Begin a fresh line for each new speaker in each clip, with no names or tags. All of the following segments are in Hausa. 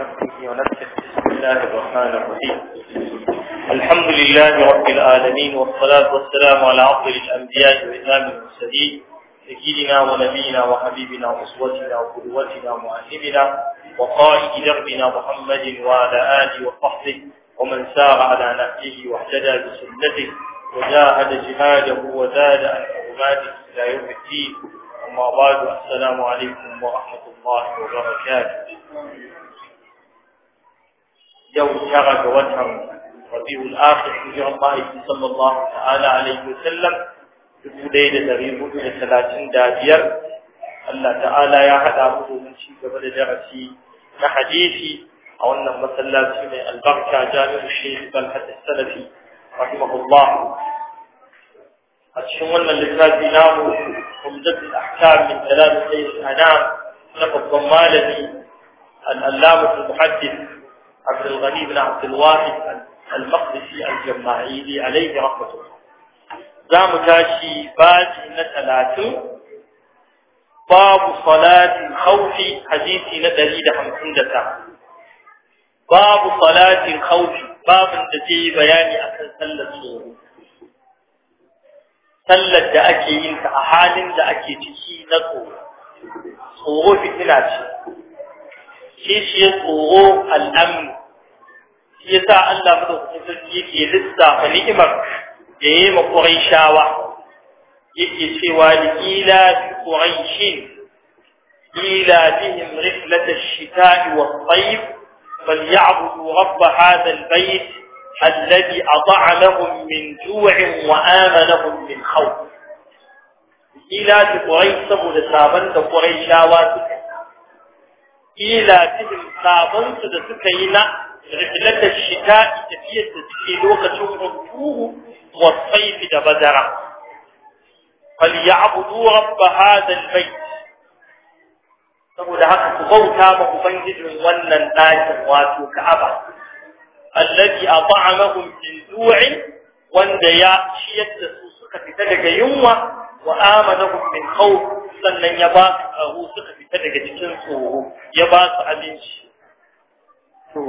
ونفسه بسم الله الرحمن الرحيم الحمد لله رب العالمين والصلاة والسلام على أفضل الأنبياء وإمام المرسلين سيدنا ونبينا وحبيبنا وأسوتنا وقدوتنا ومعلمنا وقائد دربنا محمد وعلى آله وصحبه ومن سار على نهجه واهتدى بسنته وجاهد جهاده وزاد عن حرماته إلى يوم الدين أما بعد السلام عليكم ورحمة الله وبركاته يوم شغل وجهه ربيع الآخر حجر الله صلى الله عليه وسلم في بفليل الربيع لثلاث دابير
الله تعالى يا حد
عبده من شيء قبل درسي كحديثي أو ان مثلا سنة البركة جامع الشيخ بل حتى السلفي رحمه الله
الشمال من الذي نامه
ومجد الأحكام من كلام سيد الأنام لقد ضمالني الألامة المحدث عبد الغني بن عبد الواحد المقدسي الجماعيلي عليه رحمة الله زام تاشي باجي نتلاتو باب صلاة الخوف حديثي ندريد حمسندتا باب صلاة الخوف باب الذي بياني أكل سلة صوره sallar da ake yin ta a halin da ake ciki na tsoro tsoro fitina ce kishiyar tsoro al'amnu ya sa Allah madaukakin sarki yake lissafa ni'imar da ya yi ma Qurayshawa yake cewa ila bi Qurayshin ila bihim rihlat ash-shita'i was-sayf falyabudu rabb hadha al-bayt alladhi at'amahum min ju'in wa amanahum min khawf ila bi Quraysh saboda saban da Qurayshawa suka ilatihim sabansu da suka yi na rihlatar shita tafiyar da suke lokacin hunturu wa saifi da bazara falyabudu ba hadal bait saboda haka ku bauta ma ubangijin wannan ɗakin wato ka'aba alladhi at'amahum min du'in wanda ya ciyar da su suka fita daga yunwa wa amanahum min khawf sannan ya ba su tsaro suka fita daga cikin tsoro ya ba su abinci to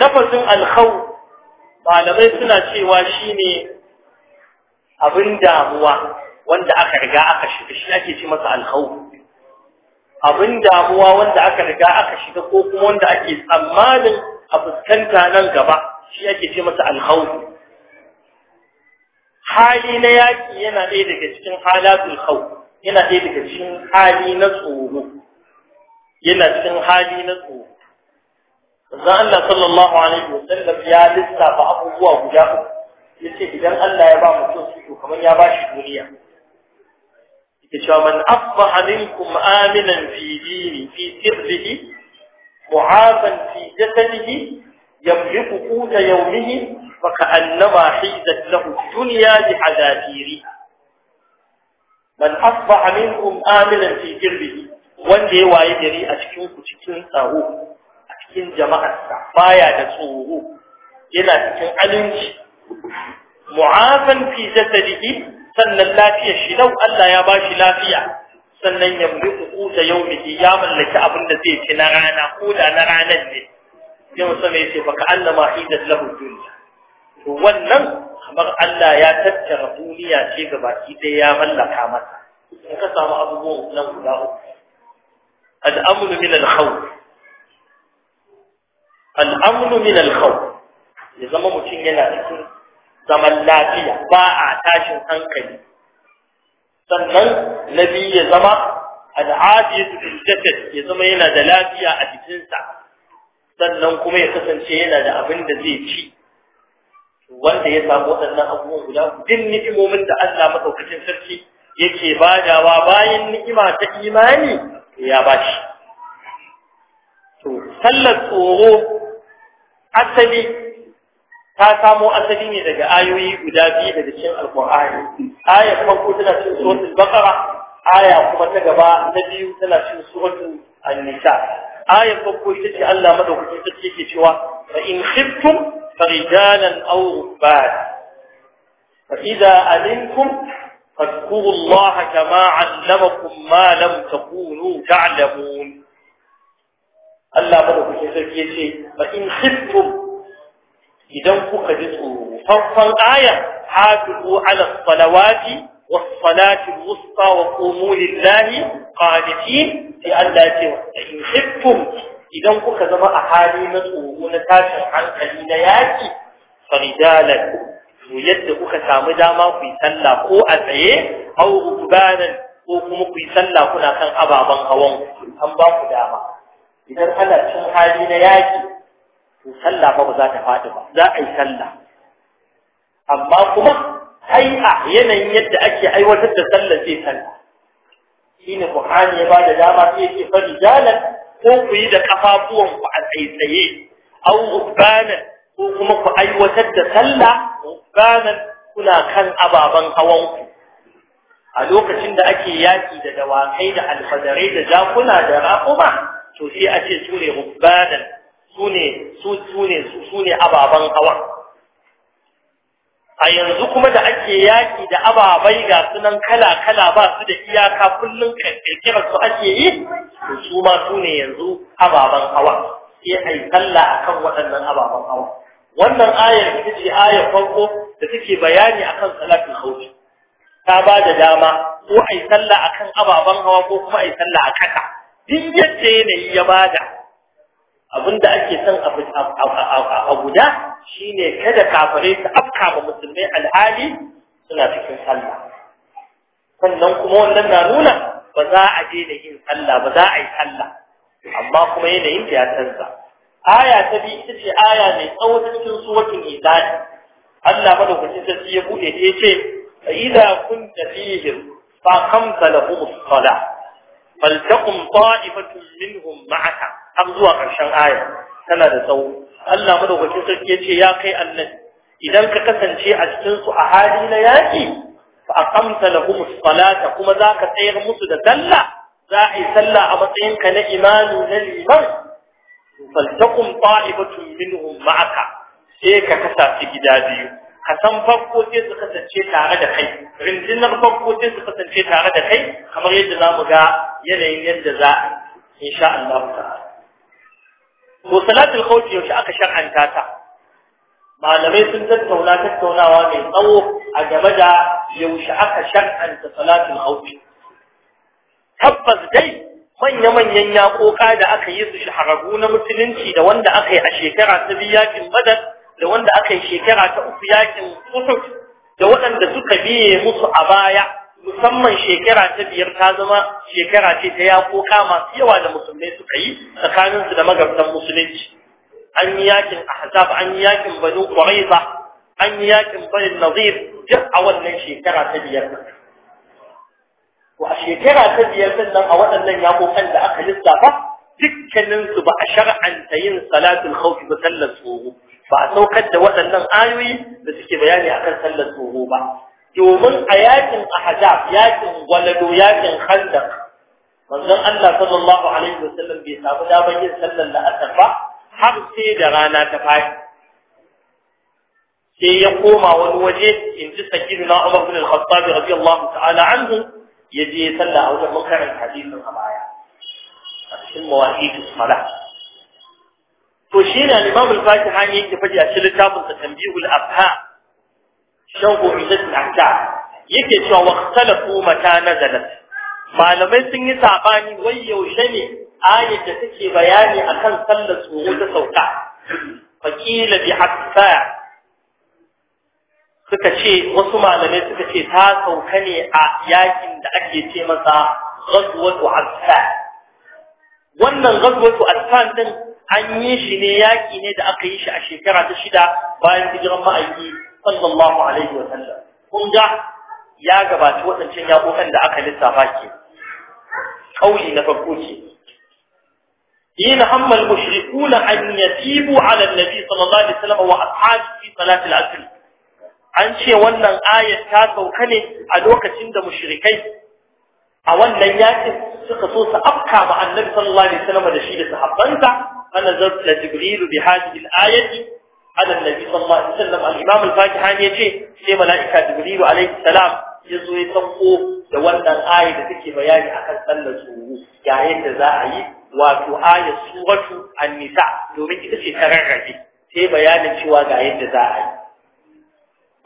lafazin alkhau malamai suna cewa shi ne abin damuwa wanda aka riga aka shiga shi ake ce masa alkhau. abin damuwa wanda aka riga aka shiga ko kuma wanda ake tsammanin a fuskanta nan gaba shi ake ce masa alkhau. hali na yaki yana ɗaya daga cikin halatul khawf yana ɗaya daga cikin hali na tsoro yana cikin hali na tsoro manzon Allah sallallahu alaihi wasallam ya lissafa abubuwa guda uku yace idan Allah ya ba mutum su kamar ya ba shi duniya yake cewa man asbaha minkum aminan fi dini fi sirrihi mu'afan fi jasadihi yamliku quta yawmihi fa ka'annama hizat lahu dunya bi hadadiri man asbaha minkum aminan fi jirbihi wanda ya waye gari a cikin ku cikin tsaro a cikin jama'arsa baya da tsoro yana cikin aminci mu'afan fi jasadihi sannan lafiyar shi lau Allah ya bashi lafiya sannan ya mulku da yaumihi ya mallaki abin da zai ci na rana ko da na ranar ne yau sama yace baka annama hidat lahu dunya to wannan kamar Allah ya tattara duniya ce gabaki ɗaya ya mallaka masa, in ka samu abubuwan nan guda uku al'amnu min al-khawf al'amnu min al-khawf ya zama mutum yana cikin zaman lafiya ba a tashin hankali sannan na biyu ya zama al'afiyatu bil jasad ya zama yana da lafiya a jikinsa sannan kuma ya kasance yana da abin da zai ci wanda ya samu waɗannan abubuwan guda duk ni'imomin da Allah madaukakin sarki yake badawa bayan ni'ima ta imani ya bashi to sallar tsoro asali ta samo asali ne daga ayoyi guda biyu daga cikin alqur'ani aya farko tana cikin suratul baqara aya kuma ta gaba na biyu tana cikin suratul an-nisa aya farko ita ce Allah madaukakin sarki ke cewa fa in khiftum فرجالا او رباد فاذا علمتم فاذكروا الله كما علمكم ما لم تكونوا تعلمون الله بركه شيء شيء فان خفتم اذا فقدتم فانفر الايه حافظوا على الصلوات والصلاة الوسطى وقوموا لله قانتين لأن لا سوى فإن خفتم idan kuka zama a hali na tsoro na tashin hankali na yaki faridalan to yadda kuka samu dama ku yi sallah ko a tsaye au rubanan ko kuma ku yi sallah kuna kan ababen hawan an ba ku dama idan ana cin hali na yaki to sallah ba za ta faɗi ba za a yi sallah amma kuma a yanayin yadda ake aiwatar da sallah sai sallah shine Qur'ani ya bada dama sai ya ce ko ku yi da kafafuwan ku a tsaitsaye au ubana ko kuma ku aiwatar da sallah ubana kuna kan ababen hawan ku a lokacin da ake yaki da dawakai da alfadarai da jakuna da raƙuma to sai a ce sune ubana sune su sune su sune ababan ababen hawan a yanzu kuma da ake yaƙi da ababai ga sunan kala-kala ba su da iyaka kullum kirkirar su ake yi to su ma su ne yanzu ababen hawa sai a yi talla a kan waɗannan ababen hawa wannan ayar ita ce ayar farko da take bayani a kan salatin ta ba da dama ko a yi talla a kan ababen hawa ko kuma a yi talla a kaka. duk yadda yanayi ya bada abinda ake son a guda shine kada kafare su afka ma musulmai alhali suna cikin sallah sannan kuma wannan na nuna ba za a je da yin sallah ba za a yi sallah amma kuma yanayin da ya canza aya ta bi ita ce aya mai tsawo cikin suratul ibadi Allah madaukakin sarki ya bude ta yace idza kunta fihim fa kamsa lahum as فلتقم طائفة منهم معك har zuwa ƙarshen aya tana da tsawo Allah madaukakin sarki yace ya kai annabi idan ka kasance a cikin su a hali na yaki fa aqamta lahum salata kuma zaka tsayar musu da sallah za a yi sallah a matsayin ka na imani na liman faltakum ta'ibatun minhum ma'aka sai ka kasa su gida biyu ka san farko sai su kasance tare da kai rindinar farko sai su kasance tare da kai kamar yadda za mu ga yanayin yadda za a insha Allah ta'ala to salatul khawfi yaushe aka shar'anta ta malamai sun tattauna tattaunawa mai tsawo a game da yaushe aka shar'anta salatul khawfi tabbas dai manya-manyan yakoka da aka yi su shahararru na musulunci da wanda aka yi a shekara ta biyu yakin badar da wanda aka yi shekara ta uku yakin uhud da waɗanda suka biye musu a baya musamman shekara ta biyar ta zama shekara ce ta yakoka masu yawa da musulmai suka yi tsakaninsu da magabtan musulunci an yi yakin ahzab an yi yakin banu quraiza an yi yakin banu nazir duk a wannan shekara ta biyar to a shekara ta biyar din nan a waɗannan yakokan da aka lissafa dukkanin su ba a shar'anta yin salatul khawf ba sallar tsoro ba a saukar da waɗannan ayoyi da suke bayani akan sallar tsoro ba domin a yakin ahzab yakin gwalado, yakin khandaq manzon Allah sallallahu alaihi wasallam bai samu damar yin da asar ba har sai da rana ta fadi sai ya koma wani waje in ji na Umar bin Al-Khattab radiyallahu ta'ala anhu ya je sallah a wajen makarin hadisin a baya a cikin mawahidu salat to shi ne al-Imam al-Fatihani yake faɗi a cikin littafin sa Tanbihul Afham shan umidat al yake cewa waqtalafu mata nazalat malamai sun yi sabani wai yaushe ne ayat da take bayani akan sallar tsoro ta sauka faqila bi hatta suka ce wasu malamai suka ce ta sauka ne a yakin da ake ce masa ghazwatu hatta wannan ghazwatu hafsa din an yi shi ne yaƙi ne da aka yi shi a shekara ta shida bayan hijiran ma'aiki sallallahu alaihi wa sallam kun ga ya gabaci waɗancan yaƙoƙan da aka lissafa ke kauli na farko ce yin hammal mushrikuna an yatibu ala annabi sallallahu alaihi wasallam wa ashabi fi salatil asr an ce wannan ayat ta sauka ne a lokacin da mushrikai a wannan yaƙin suka so su afka ma annabi sallallahu alaihi wasallam da shi da sahabbansa فنزلت جبريل بهذه الآية على النبي صلى الله عليه وسلم الإمام الفاتحاني يجي سي ملائكة جبريل عليه السلام يزو يتنقو da wannan ayi da take bayani kan sallar tsoro yayin da za a yi wato Aya suratu an-nisa domin ita ce ta rarrabe sai bayanin cewa ga yadda za a yi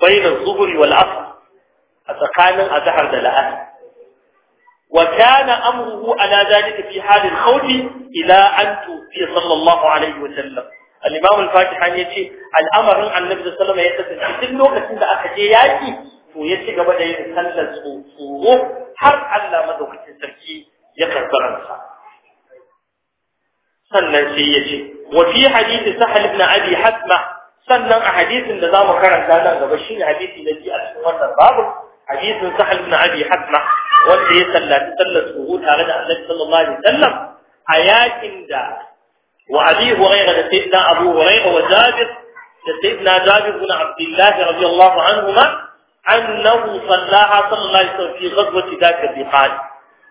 bayin zuhuri wal asr a tsakanin azhar da la'asr وكان أمره على ذلك في حال الخوف إلى أن توفي صلى الله عليه وسلم الإمام الفاتحان يتي الأمر عن النبي صلى الله عليه وسلم يتسل كل لوقت عند أخجياتي ويتي قبل يتسلل صوره حر على مدوك التركي يكبر أنسا سنة سيتي وفي حديث سحل بن أبي حتمة سنة حديث النظام كرم دانا قبل شين حديث الذي أسفر الباب حديث سحل بن أبي حتمة wanda ya sallaci sallar suhu tare da annabi sallallahu alaihi wasallam a yakin da wa abi hurairah da sayyidina abu hurairah wa jabir da sayyidina jabir ibn abdullah radiyallahu anhuma annahu sallaha sallallahu alaihi wasallam fi ghazwati dhaka biqad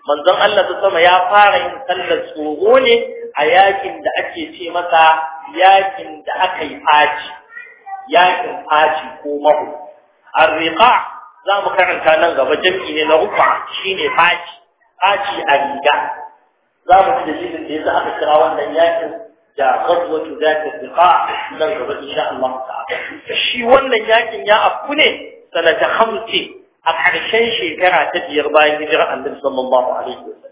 manzon Allah ta sama ya fara yin sallar suhu ne a yakin da ake ce masa yakin da aka yi faci yakin faci ko mahu arriqa za mu karanta nan gaba jam'i ne na rufa ne faci faci a riga za mu ci dalilin da yasa aka kira wannan yakin da ghazwatu zat al-diqa nan gaba insha Allah ta'ala shi wannan yakin ya afku ne sanata khamsi a ƙarshen shekara ta biyar bayan hijirar Annabi sallallahu alaihi wasallam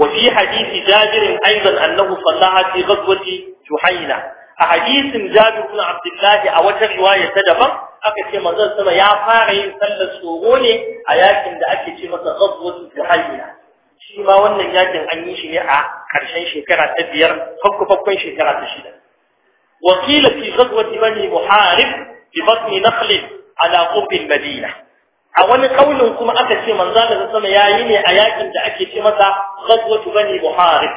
وفي حديث جابر أيضا أنه صلى في غزوة جحينة حديث جابر بن عبد الله أو رواية دبر aka ce manzon sama ya fara yin sallar tsoro ne a yakin da ake ce masa ghazwatul jahiliya shi ma wannan yakin an yi shi ne a ƙarshen shekara ta biyar fakko fakkon shekara ta shida Wakila وقيل في غزوة بني محارب ببطن نخل على قرب المدينة a wani kaulin kuma aka ce manzo da ya yi ne a yakin da ake ce masa ghazwatu bani buharib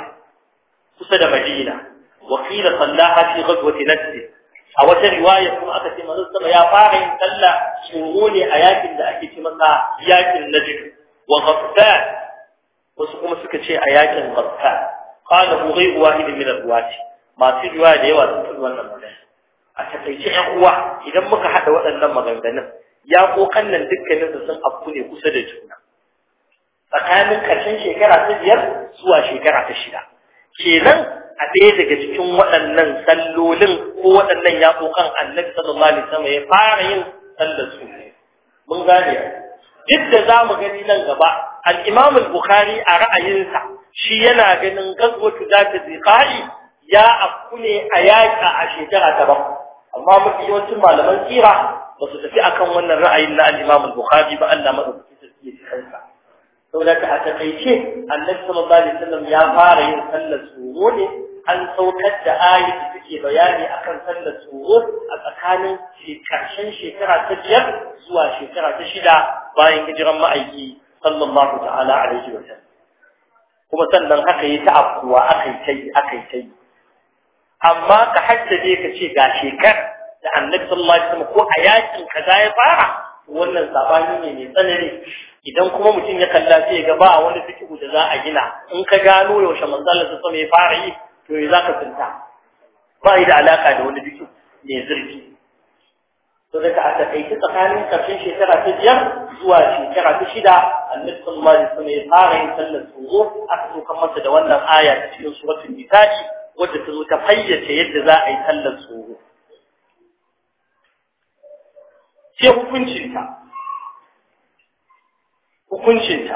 kusa da madina wa qila sallaha fi ghazwati najd a wata riwaya kuma aka ce manzon sama ya fara yin sallah tsoro ne a yakin da ake ce masa yakin najd wa ghafta wasu kuma suka ce a yakin ghafta qala hu ghayru min al ma masu riwaya da yawa sun fi wannan magana a takaice ƴan uwa idan muka hada waɗannan maganganun ya kokan nan dukkanin su sun afku ne kusa da juna tsakanin karshen shekara ta biyar zuwa shekara ta shida kenan a ɗaya daga cikin waɗannan sallolin ko waɗannan kan annabi sallallahu alaihi wasallam ya fara yin sallar su mun gane duk da za mu gani nan gaba al-imam al-bukhari a ra'ayinsa shi yana ganin gazwatu ta ziqai ya afku ne a yaƙa a shekara ta ba amma mafi yawancin malaman tsira ba su tafi akan wannan ra'ayin na al-imam al-bukhari ba Allah madaukakin sarki ya kansa saboda ka a takaice annabi sallallahu alaihi wasallam ya fara yin sallar su ne an saukar da ayi da suke bayani kan sallar tsoro a tsakanin karshen shekara ta biyar zuwa shekara ta shida bayan hijiran ma'aiki sallallahu ta'ala a wa sallam kuma sannan haka yi ta afkuwa aka yi tai aka yi amma ka haddace ka ce ga shekar da annabi sallallahu alaihi wasallam ko a yakin ka ya fara wannan sabani ne mai tsanani idan kuma mutum ya kalla sai ga ba wani fikihu da za a gina in ka gano yaushe manzo Allah sama ya fara yi to za ka tsinta ba yi da alaka da wani bikin mai zurfi to daga a takaici tsakanin karshen shekara ta biyar zuwa shekara ta shida annabi sallallahu maji wasallam ya fara yin sallar tsoro aka so kan masa da wannan aya ta cikin suratul nisa'i wadda ta zo ta fayyace yadda za a yi sallar tsoro Ke hukuncinta hukuncinta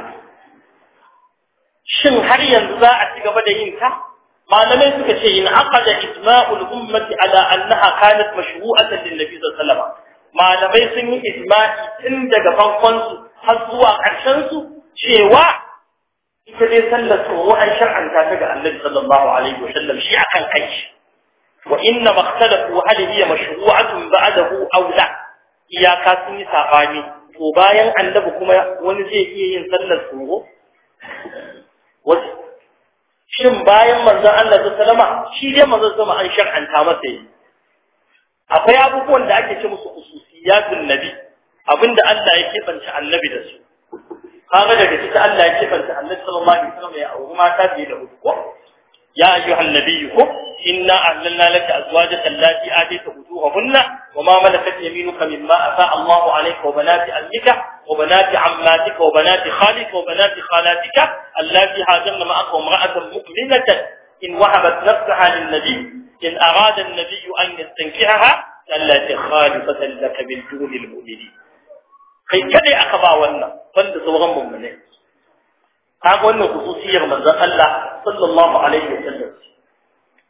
shin har yanzu za a ci gaba da yin ta malamai suka ce in aqada ijma'ul ummati ala annaha kanat mashru'atan lin nabi sallallahu alaihi wasallam malamai sun yi isma'i tun daga farkon su har zuwa ƙarshen su cewa ita dai sallar tsoro an shar'anta ta ga annabi sallallahu alaihi wasallam shi akan kai wa inna makhtalafu hal hiya mashru'atun ba'dahu aw la iyaka sun yi sabani to bayan annabi kuma wani zai iya yin sallar tsoro shin bayan manzon Allah ta salama shi dai manzon sama an shar'anta masa yi akwai abubuwan da ake ce musu ususiyatun nabi abinda Allah ya kebanta annabi da su
kaga daga cikin Allah ya
kebanta annabi sallallahu alaihi wasallam ya auri mata biyu da hudu ko ya ayyuhan nabiyyu a inna ahlalna laka azwajaka allati atayta ujuhahunna wa ma malakat yaminuka mimma afa Allahu alayka wa banati alnika وبنات عماتك وبنات خالك وبنات خالاتك التي هاجمن معك امرأة مؤمنة إن وهبت نفسها للنبي إن أراد النبي أن يستنكعها التي خالصة لك بالدون المؤمنين في كده أخبا وانا فند صغم مؤمنين هذا وانا خصوصية من الله صلى الله عليه وسلم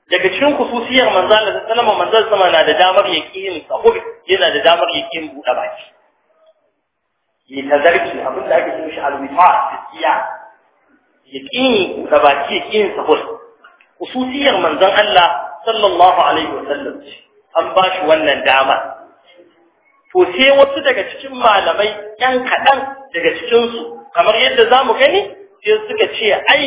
daga cikin khususiyar manzalar sallallahu alaihi wasallam manzalar sama na da damar yakin sahur yana da damar yakin buɗa baki yi abin da ake cikin shi alwifa gaskiya yaqini da baki yaqini sahul ususiyar manzon Allah sallallahu alaihi wa sallam an ba shi wannan dama to sai wasu daga cikin malamai ƴan kaɗan daga cikinsu kamar yadda za mu gani sai suka ce ai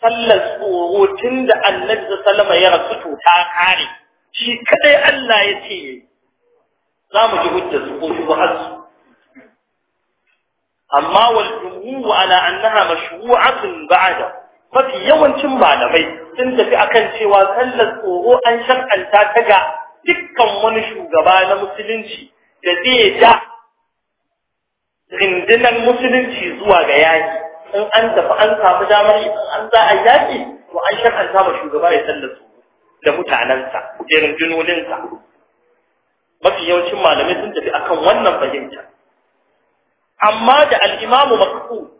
sallar tsoro tun da annabi da ya rasu to ta kare shi kadai Allah ya ce za mu ji hujjar su ko shubuhar su amma wal jumu'u ala annaha mashru'atun ba'da mafi yawancin malamai sun tafi akan cewa sallar tsoro an shar'anta ta ga dukkan wani shugaba na musulunci da zai da rindinan musulunci zuwa ga yaki in an tafi an samu damar an za a yaki to an shar'anta ma shugaba ya sallar tsoro da mutanensa da rindinolinsa mafi yawancin malamai sun tafi akan wannan fahimtar. amma da al'imamu imamu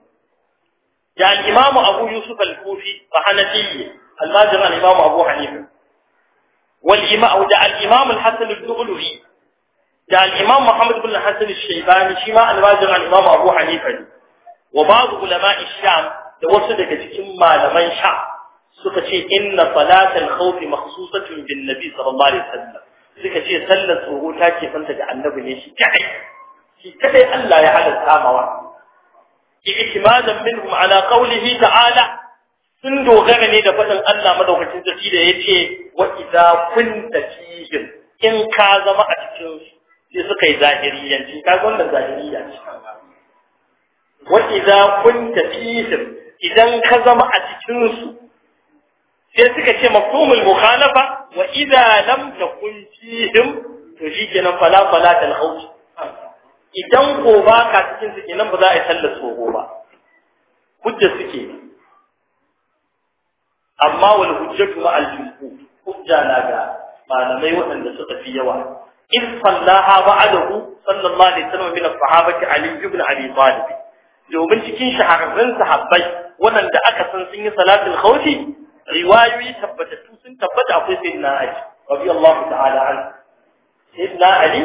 da al'imamu imamu abu yusuf al-kufi fa hanafi al-majid al abu hanifa da al'imamu imamu al-hasan al-dughli da al'imamu Muhammadu muhammad ibn hasan al-shaybani shi ma al-majid al abu hanifa ne wa ba'd ulama'i sham da wasu daga cikin malaman sha suka ce inna salatal khawf makhsusatun bin nabi sallallahu alaihi wasallam suka ce sallar tsoro take fanta da annabi ne shi kai
shi kadai Allah ya
samawa. Ki i'timadan minhum ala qawlihi ta'ala sun dogara ne da faɗin Allah madaukakin sarki da yace wa idza kunta fihim in ka zama a cikin sai suka yi zahiriyanci ka ga wannan zahiriya ce wa idza kunta fihim idan ka zama a cikin su sai suka ce mafhumul mukhalafa wa idza lam takun fihim to shi kenan fala fala tal khawf idan ko ba ka cikin su kenan ba za a yi sallar tsoho ba hujja suke amma wal hujjatu ma al hujja na ga malamai waɗanda suka fi yawa in sallaha ba'adahu sallallahu alaihi wasallam min sahabati ali ibn abi talib domin cikin shahararrun sahabbai waɗanda aka san sun yi salatul khawfi riwayoyi tabbatattu sun tabbata akwai sayyidina ali Allah ta'ala an sayyidina ali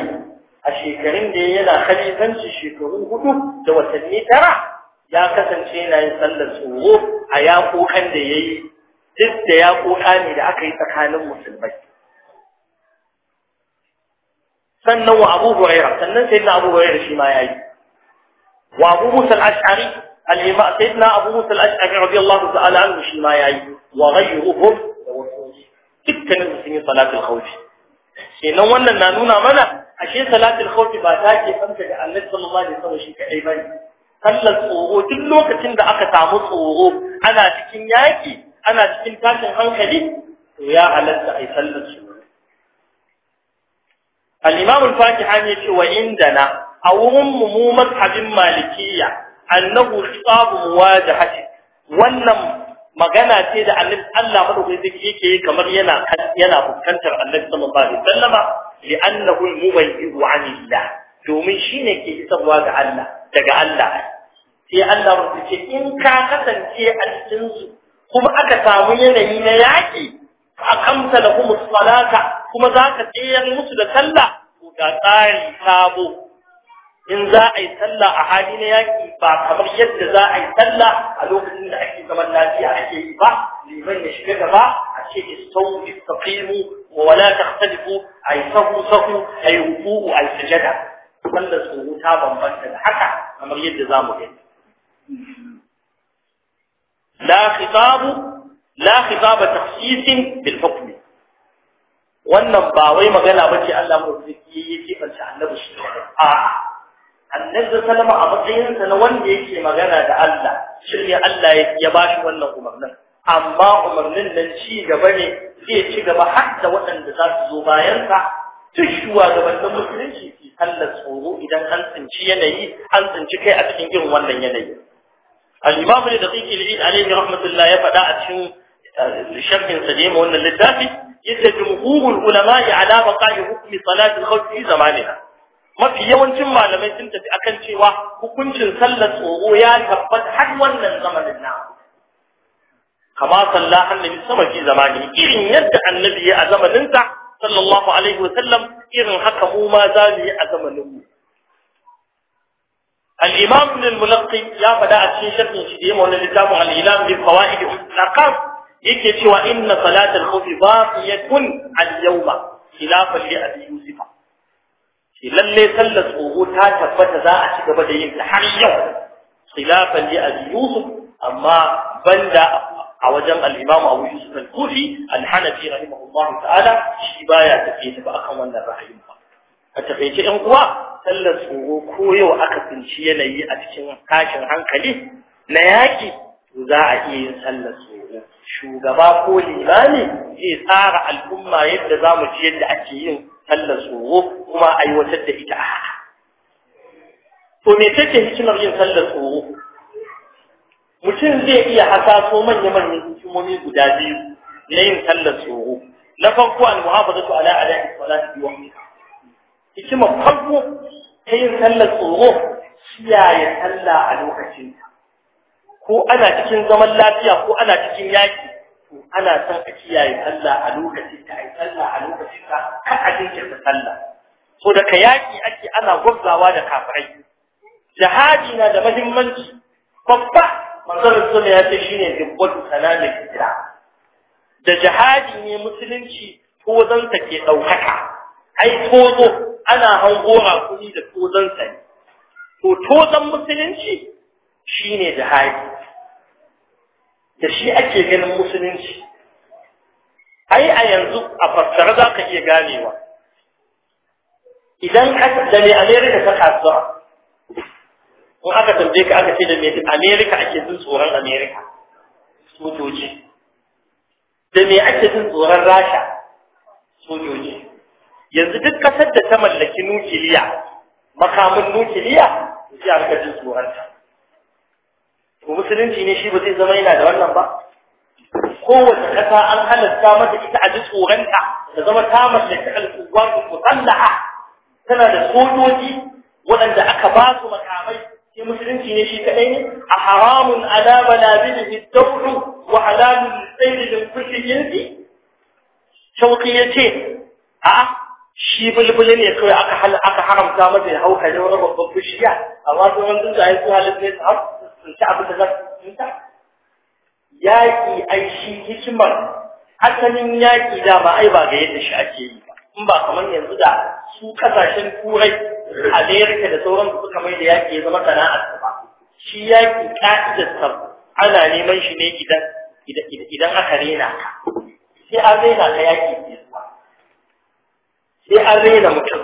a shekarun da yana khalifanci shekaru hudu da watanni tara ya kasance yana yin sallar tsoro a yaƙoƙan da ya yi duk da yaƙoƙa ne da aka yi tsakanin musulmai sannan wa abu huraira sannan sai na abu huraira shi ma ya yi wa abu musa al'ashari al'ima sai na abu musa al'ashari radiyallahu ta'ala anhu shi ma ya yi wa ghayruhum da wasu dukkanin sun yi salatul khawfi kenan wannan na nuna mana ashe salatul khawfi ba ta ke fanta da Allah sallallahu alaihi wasallam shi kadai bane sallar tsoro duk lokacin da aka samu tsoro ana cikin yaki ana cikin tashin hankali to ya halatta ai sallar shi al-imam al ne ce wa indana a wurin mu mu mazhabin malikiya annahu sabu muwajahati wannan magana ce da Allah madaukakin yake kamar yana yana fuskantar Annabi sallallahu alaihi wasallama li'annahu al-mubayyi'u 'anillah domin shine ke isarwa ga Allah daga Allah sai Allah ya ce in ka kasance a cikin su kuma aka samu yanayi na yaki akamta lahum as-salata kuma zaka tsayar musu da sallah ko ga tsari sabo in za a yi sallah a hali na yaƙi ba kamar yadda za a yi sallah a lokacin da ake zaman lafiya ake yi ba liman ya shiga gaba ce istau istaqimu wa la takhtalifu ay sahu sahu ay ruku'u ay sajada. Wanda su ta bambanta da haka kamar yadda zamu gani la khitab la khitab takhsis bil hukm wannan ba wai magana bace Allah mu zaki yake fanta annabi shi a annabi sallama a matsayinsa na wanda yake magana da Allah shirya Allah ya bashi wannan umarnin amma umarnin nan ci gaba ne zai ci gaba har da waɗanda za su zo bayansa duk shuwagabannin musulunci su sallar tsoro idan an tsinci yanayi an tsinci kai a cikin irin wannan yanayi al-imam da daqiq al-eid alayhi rahmatullah ya faɗa a cikin eh, sharhin sa da wannan littafi yadda jumhurul ulama ala baqa'i hukmi salat al-khawf fi zamanina mafi yawancin malamai sun tafi akan cewa hukuncin sallar tsoro ya tabbata har wannan zamanin na kama sallah annabi sama ji zamani irin yadda annabi ya a zamaninsa sallallahu alaihi wa sallam irin haka mu ma za mu yi a zamaninmu al-imam ibn al-munaqqi ya fada a cikin sharhin shi da wannan littafin al-ilam bi fawaid al-aqab yake cewa inna salat al-khuf baqiyatun al-yawma khilaf li abi yusuf shi lalle sallar tsoho ta tabbata za a ci gaba da yin ta har yau khilaf li yusuf amma banda a wajen al-Imam Abu Yusuf al-Kufi al-Hanafi rahimahullahu ta'ala shi baya tafiye ba akan wannan ra'ayin ba a tafaice ɗan uwa sallar tsoro ko yau aka tsinci yanayi a cikin tashin hankali na yaƙi to za a iya yin sallar tsoro shugaba ko limami zai tsara al'umma yadda za mu ji yadda ake yin sallar tsoro kuma aiwatar da ita a haka to me take hikimar yin sallar tsoro mutum zai iya hasaso manya-manyan hukumomi guda biyu na yin sallar tsoro na farko al-muhafazatu ala ada'i salati wa hikima farko ta yin sallar tsoro kiyaye sallah a lokacin ko ana cikin zaman lafiya ko ana cikin yaki to ana son ka kiyaye sallah a lokacin ta ai sallah a lokacin ka ka a jinkirta sallah so daga yaki ake ana gwabzawa da kafirai jihadi na da muhimmanci babba manzon suna ya ce shi ne dubbatu salamin islam da jihadi ne musulunci tozon ke ɗaukaka. ai tozo ana hangora kuɗi da tozon ne to tozon musulunci shi ne jihadi da shi ake ganin musulunci ai a yanzu a fassara za ka iya ganewa idan da ne amerika ta kasuwa ko aka tambaye ka aka ce da me America ake jin tsoron America sojoji da me ake jin tsoron Rasha sojoji yanzu duk kasar da ta mallaki nukiliya makamin nukiliya sai aka jin tsoron ta ko musulunci ne shi ba zai zama yana da wannan ba kowace kasa an halatta mata ita a ji tsoronta da zama ta mallaki ku musallaha tana da sojoji waɗanda aka ba su makamai shi musulunci ne shi kadai ne a haramun ala da dawru wa halalun sayri lil kulli jinsi ya ce a shi bulbuli ne kawai aka hal aka haramta masa ya hau ne wani babban bishiya amma to wanda a yi su halin ne ta sun ci abin da za su ta Yaƙi ai shi hikimar asalin yaƙi da ba ai ba ga yadda shi ake yi in ba kamar yanzu da su kasashen turai amerika da sauran da suka mai da yaƙi ya zama sana'ar ba shi yaƙi ƙa'idarsa ana neman shi ne idan aka rena ka sai an rena ka yaƙi ke zuwa sai an rena mutum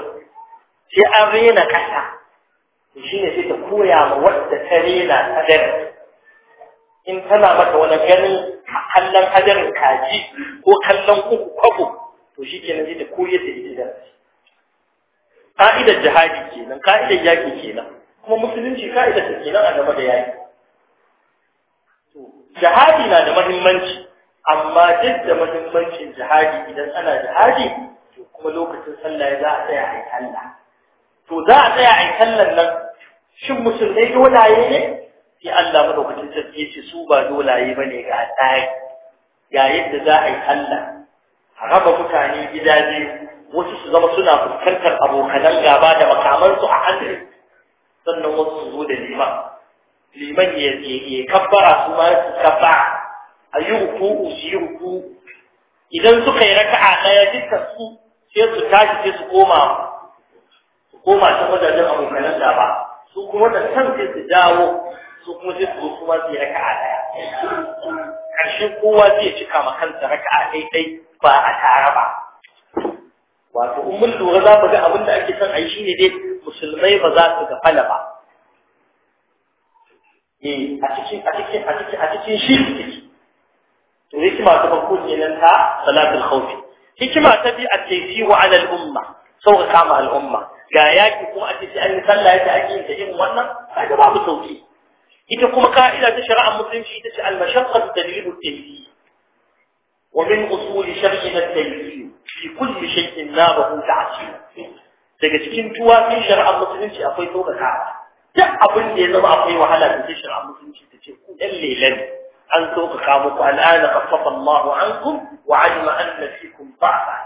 sai an rena ƙasa shi ne sai ta koya ma wadda ta rena ta dare in tana mata wani a kallon hadarin kaji ko kallon kuku kwabo to shi kenan zai da koyar da ita ka'idar jihadi kenan ka'idar yaƙi kenan kuma musulunci ka'idar ta kenan a game da yaƙi jihadi na da mahimmanci amma duk da mahimmancin jihadi idan ana jihadi to kuma lokacin sallah za a tsaya a yi sallah to za a tsaya a yi sallan nan shin musulmai dolaye ne sai Allah madaukakin sarki ya ce su ba dolaye ne ga tsari ga yadda za a yi sallah a raba mutane gida biyu wasu su zama suna fuskantar abokanan gaba da makamansu a hannun sannan wasu su zo da liman liman ya ya kabbara su ma su kaba a yi ruku'u su yi ruku'u idan suka yi raka'a ɗaya dukkan su sai su tashi sai su koma su koma ta wajajen abokanan gaba su kuma da san sai su dawo su kuma sai su zo kuma su yi raka'a ɗaya Karshen kowa zai cika ma kansa raka'a daidai ba a tare ba wato in mun lura za mu ga abin da ake son a yi shine dai musulmai ba za su gafala ba eh a cikin a cikin a cikin a cikin shi to hikima ta farko kenan ta salatul khawf hikima ta bi at-taysiru ala al-umma kama al-umma ga yaki kuma a cikin an sallah yake ake yin ta irin wannan kaga babu sauki ita kuma ka'ida ta shari'ar musulunci ita ce al dalilu at-tayyib wa min usul shar'ina at-tayyib fi kulli shay'in nabahu ta'til daga cikin tuwafin shari'ar musulunci akwai tsokaka duk abin ya zama akwai wahala da shari'ar musulunci ta ce ku dan lelan an tsokaka muku al'ana khaffafa Allahu ankum wa 'alima anna fikum dha'fa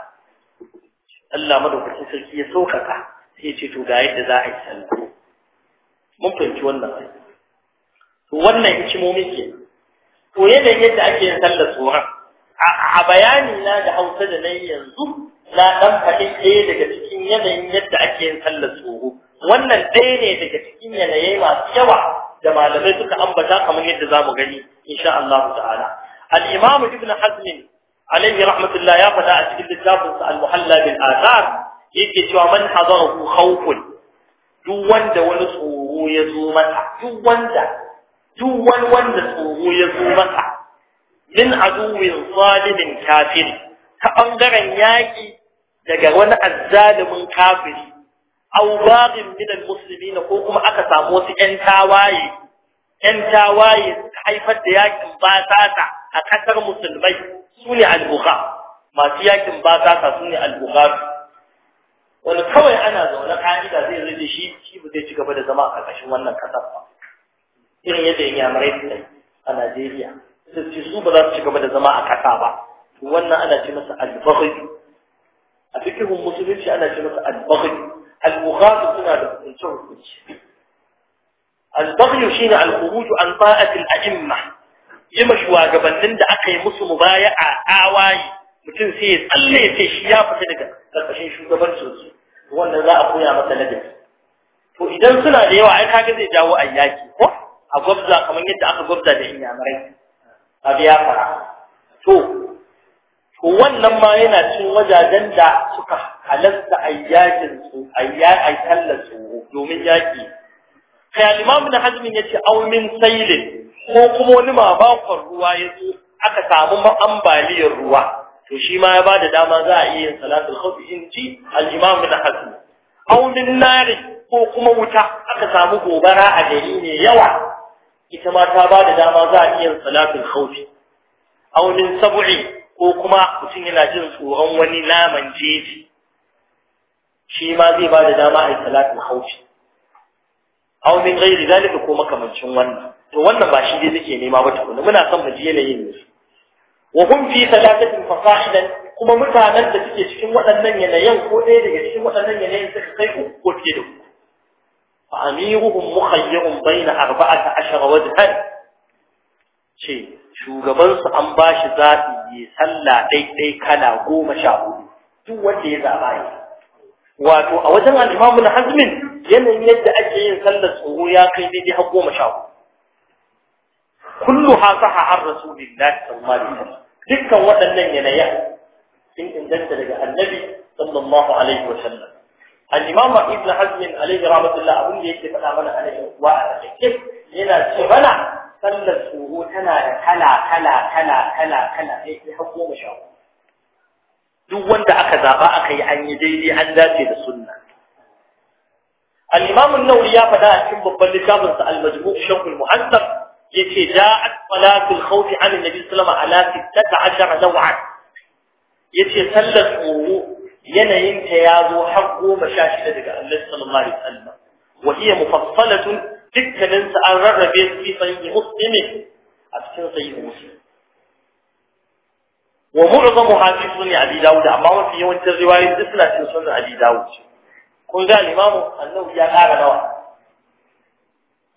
Allah madaukakin sarki ya tsokaka sai ya ce to za a yi mun fahimci wannan to wannan hikimomi ke to yanayin yadda ake yin sallar tsoron a bayani na da hausa da na yanzu na ɗan faɗi ɗaya daga cikin yanayin yadda ake yin sallar tsoro wannan ɗaya ne daga cikin yanayi masu yawa da malamai suka ambata kamar yadda za mu gani insha Allah ta'ala al-imam ibn hazm alayhi rahmatullah ya faɗa a cikin littafin sa al-muhalla bil athar yake cewa man hadarahu khawfun duk wanda wani tsoro ya zo masa duk wanda duk wani wanda tsoro ya zo masa min aduwin zalimin kafiri ta ɓangaren yaƙi daga wani azzalimin kafiri au bagin minal na ko kuma aka samu wasu ƴan tawaye ƴan tawaye suka haifar da yakin basata a ƙasar musulmai su ne albuqa masu yakin basata su ne albuqa wani kawai ana zaune ka'ida zai rage shi shi ba zai ci gaba da zama a ƙarƙashin wannan ƙasar ba irin yadda inyamurai suka yi a Najeriya su ce su ba za su ci gaba da zama a ƙasa ba wannan ana ce masa al-baghy a fikihun musulunci ana ce masa al-baghy al bukhari suna da hukunci hukunci al-baghy shine al-khuruj an ta'ati al-a'imma yima shugabannin da aka yi musu mubaya'a awayi mutum sai ya tsalle ya ce shi ya fita daga karkashin shugabancin su wannan za a koya masa ladabi to idan suna da yawa ai kaga zai jawo ayyaki ko a gwabza kamar yadda aka gwabza da inyamarai a fara to to wannan ma yana cin wajajen da suka halasta ayyakin su ayyakalla su domin yaki kai al-imam ibn hazm yace aw min sailin ko kuma wani mabakon ruwa yazo aka samu ambaliyar ruwa to shi ma ya bada dama za a iya yin salatul khawfi in ji al-imam ibn hazm nari ko kuma wuta aka samu gobara a gari ne yawa ita ma ta bada dama za a iya salatul khawfi aw min sab'i ko kuma mutum yana jin tsoron wani naman jeji shi ma zai bada dama a yi salatul khawfi aw min ghairi zalika ko makamancin wannan to wannan ba shi dai take nema ba tukuna muna son mu ji yanayin ne wa hum fi salatatin fasahidan kuma mutanen da suke cikin waɗannan yanayin ko ɗaya daga cikin waɗannan yanayin suka kai uku ko fiye da uku amiruhum mukhayyarun baina arba'ata ashara wajhan ce shugaban su an bashi zaɓi ya sallah daidai kala goma sha hudu duk ya wato a wajen al-imamu na hazmin yanayin yadda ake yin sallar tsoro ya kai daidai har goma kullu ha saha rasulillahi sallallahu alaihi wasallam dukkan waɗannan yanayin in inganta daga annabi sallallahu alaihi wasallam al-imam ibn hazm alayhi rahmatullah abin da yake faɗa mana a nan wa a cikin yana ce mana sallar tsoro tana da kala kala kala kala kala sai ki har goma sha duk wanda aka zaba aka yi an yi daidai an dace da sunna al-imam an-nawawi ya faɗa a cikin babban littafin sa al-majmu' shakh al-muhaddab yace ja'at salatul khawf 'ala nabi sallallahu alaihi wasallam ala 16 naw'a yace sallar tsoro yanayin ta ya zo har goma sha shida daga Allah sallallahu alaihi wasallam wa hiya mufassalatun dukkanin sa an rarrabe su fi sahih muslim a cikin sahih muslim wa mu'zamu hadith sunan abi dawud amma wasu yawancin riwayoyi duk suna cikin sunan abi dawud kun ga limamu annabi ya kara nawa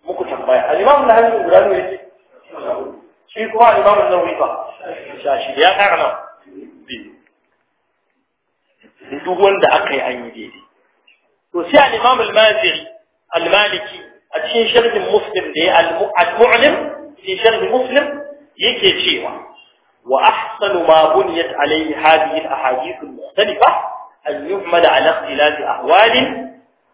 muku tambaya al-imam
al-hasan guda ne
shi kuma al-imam an-nawawi ba sha shi ya kara nawa duk wanda aka yi an yi daidai to sai al-imam al-maziri al-maliki a cikin sharhin muslim da ya al-mu'allim cikin sharhin muslim yake cewa wa ahsanu ma buniyat alayhi hadhihi al-ahadith al-mukhtalifa an yuhmala ala ikhtilaf ahwal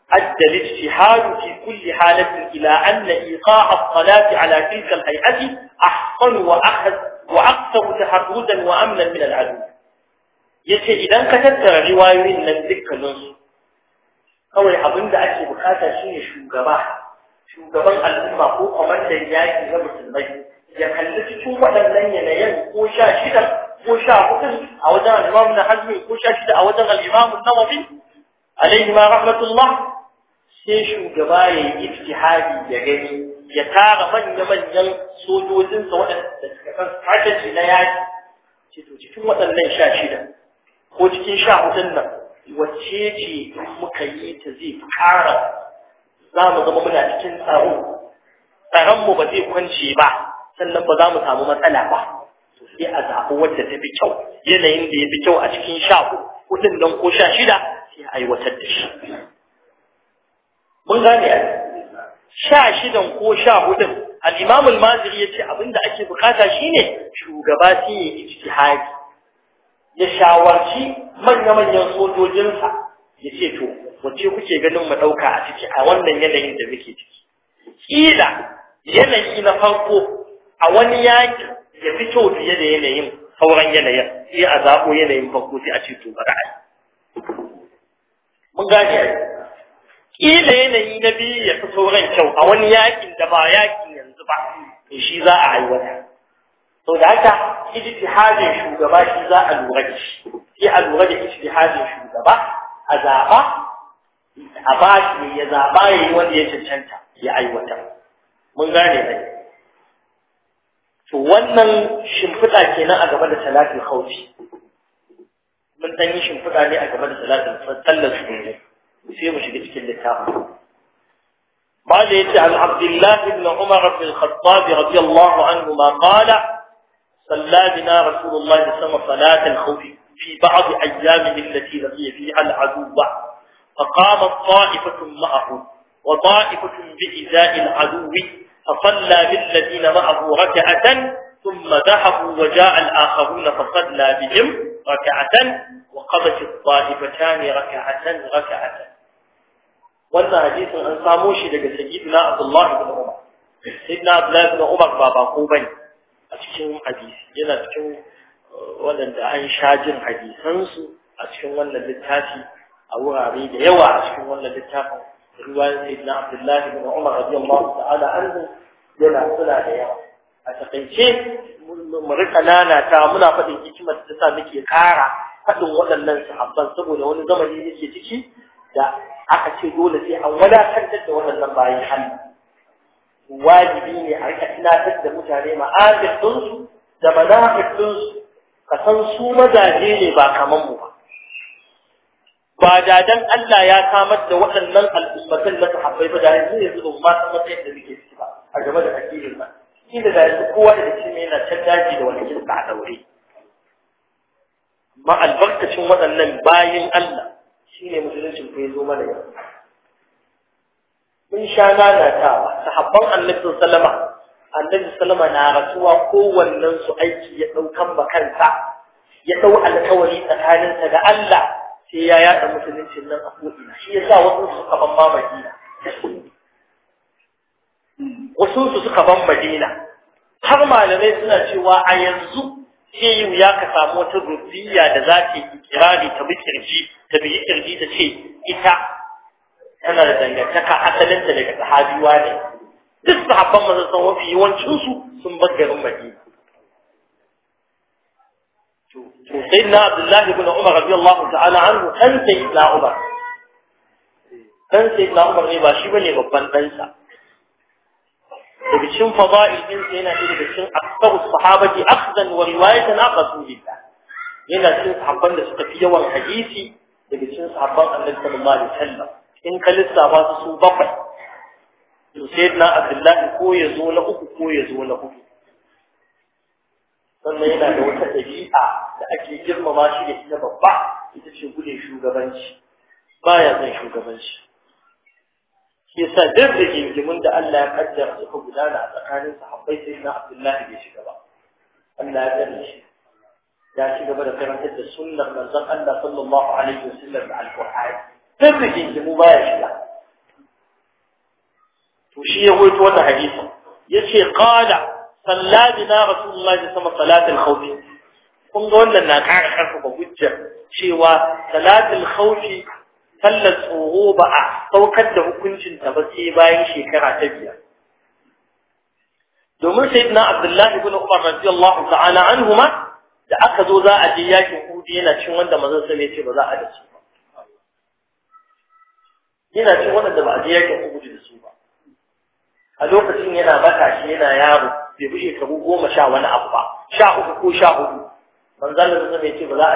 أدى الاجتهاد في كل حالة إلى أن إيقاع الصلاة على تلك الهيئة أحسن وأخذ وأكثر تحرزا وأمنا من العدو Ya ce idan ka tattara riwayoyin nan dukkaninsu kawai abin da ake bukata shine shugaba shugaban al'umma ko kwamandan yaƙi na musulmai ya kalli cikin waɗannan yanayin ko sha shida ko sha hudun a wajen al'imamu na hazmi ko sha shida a wajen al'imamu nawawi alaihi ma rahmatullah sai shugaba ya yi ijtihadi ya gani ya tara manya-manyan sojojinsa waɗanda suka san strategy na yaƙi cikin waɗannan sha shida ko cikin sha hudun nan wacce ce muka yi ta zai ƙara za mu zama muna cikin tsaro tsaronmu ba zai kwance ba sannan ba za mu samu matsala ba sai a zaɓi wadda ta fi kyau yanayin da ya fi kyau a cikin sha hudun nan ko sha shida sai a aiwatar da shi mun gane sha shidan ko sha hudun al-imamul maziri ya ce abinda ake bukata shine shugaba sai ya ijtihadi ya shawarci manya-manyan sojojinsa ya ce to wace kuke ganin mu ɗauka a ciki a wannan yanayin da muke ciki ƙila yanayi na farko a wani yaki ya fi kyau fiye da yanayin sauran yanayin sai a zaɓo yanayin farko sai a ce to bari a mun gane ƙila yanayi na biyu ya fi sauran kyau a wani yakin da ba yakin yanzu ba to shi za a aiwata to da haka ijtihadin shugaba shi za a lura da shi sai a lura da ijtihadin shugaba a zaba
a ba shi
ya zaba yi wanda ya cancanta ya aiwata mun gane dai to wannan shimfiɗa kenan a gaba da talatin khawfi mun san yi shimfiɗa ne a gaba da talatin sallar sunne sai mu shiga cikin littafin قال يتعن عبد الله بن عمر بن الخطاب رضي الله عنهما قال صلى بنا رسول الله صلى الله عليه وسلم صلاة الخوف في بعض أيامه التي لقي فيها العدو فقامت طائفة معه وطائفة بإزاء العدو فصلى بالذين معه ركعة ثم ذهبوا وجاء الآخرون فصلى بهم ركعة وقضت الطائفتان ركعة ركعة wannan حديث أن ساموشي shi سيدنا عبد الله بن عمر سيدنا عبد الله بن عمر بابا قوبين a cikin hadisi yana cikin uh, waɗanda an sha jin hadisansu a cikin wannan littafi a wurare da yawa a cikin wannan littafin ruwayan sayyidina abdullahi bin umar radiyallahu ta'ala anhu yana suna da yawa a takaice mu rika muna faɗin hikimar da sa muke ƙara faɗin waɗannan sahabban saboda wani zamani yake ciki da aka ce dole sai an wadatar da waɗannan bayan hannu wajibi ne a rika tunatar da mutane ma'adin da manafin ka san su mazaje ne ba kaman mu ba ba da Allah ya samar da waɗannan al'ummatan na sahabbai ba da yanzu ne zuwa ma san matsayin da muke ciki ba a game da addinin ba shi da yanzu kowa da cikin yana can daji da wani kirka a daure ma albarkacin waɗannan bayin Allah shine musuluncin fa zo mana yanzu mun sha nanatawa sahabban annabi sallama annabi sallama na rasuwa kowannen su aiki ya daukan makansa ya dau alkawari tsakaninsa da Allah sai ya yada musulunci nan a ko'ina shi yasa wasu ban Madina wasu su suka ban Madina har malamai suna cewa a yanzu sai ya ka samu wata rubiya da za ta yi kirari ta bi kirji ta bi kirji ta ce ita tana da dangantaka asalin asalinta daga sahabiwa ne duk sahabban manzon sun wafi yawancinsu sun bar garin madina to sayyidina abdullahi ibn umar radiyallahu ta'ala anhu kan sayyidina umar kan sayyidina umar ne ba shi bane babban ɗansa daga cikin fada'il din sai yana daga cikin akthar sahabati akhdan wa riwayatan an rasulillah yana cikin sahabban da suka fi yawan hadisi daga cikin sahabban annabi sallallahu alaihi wasallam in ka lissafa su su bakwai to sayyidina abdullahi ko ya zo na uku ko ya zo na hudu sannan yana da wata ɗabi'a da ake girmama shi da ita babba ita ce gudun shugabanci baya zan shugabanci shi yasa duk da gingimin da Allah ya kaddara suka gudana a tsakanin sahabbai sai na Abdullahi bai shiga ba Allah ya tsare shi ya ci gaba da karantar da sunnar manzon Allah sallallahu alaihi wasallam da alqur'ani duk rigingimu baya shiga to shi ya goyito wannan hadisin yace qala salla na rasulullahi sama salatul khawf kun ga wannan na ƙara karfafa hujjar cewa salatul khawf sallar tsoro ba a saukar da hukuncin ta ba sai bayan shekara ta biyar domin sayyidina abdullahi ibn umar radiyallahu ta'ala anhuma da aka zo za a je yakin hudu yana cin wanda manzon sai ya ce ba za a da ba yana cin waɗanda ba a je yakin Uhud da su ba a lokacin yana baka shi yana yaro bai bi shekaru goma sha wani abu ba sha uku ko sha hudu manzon da zama yace ba za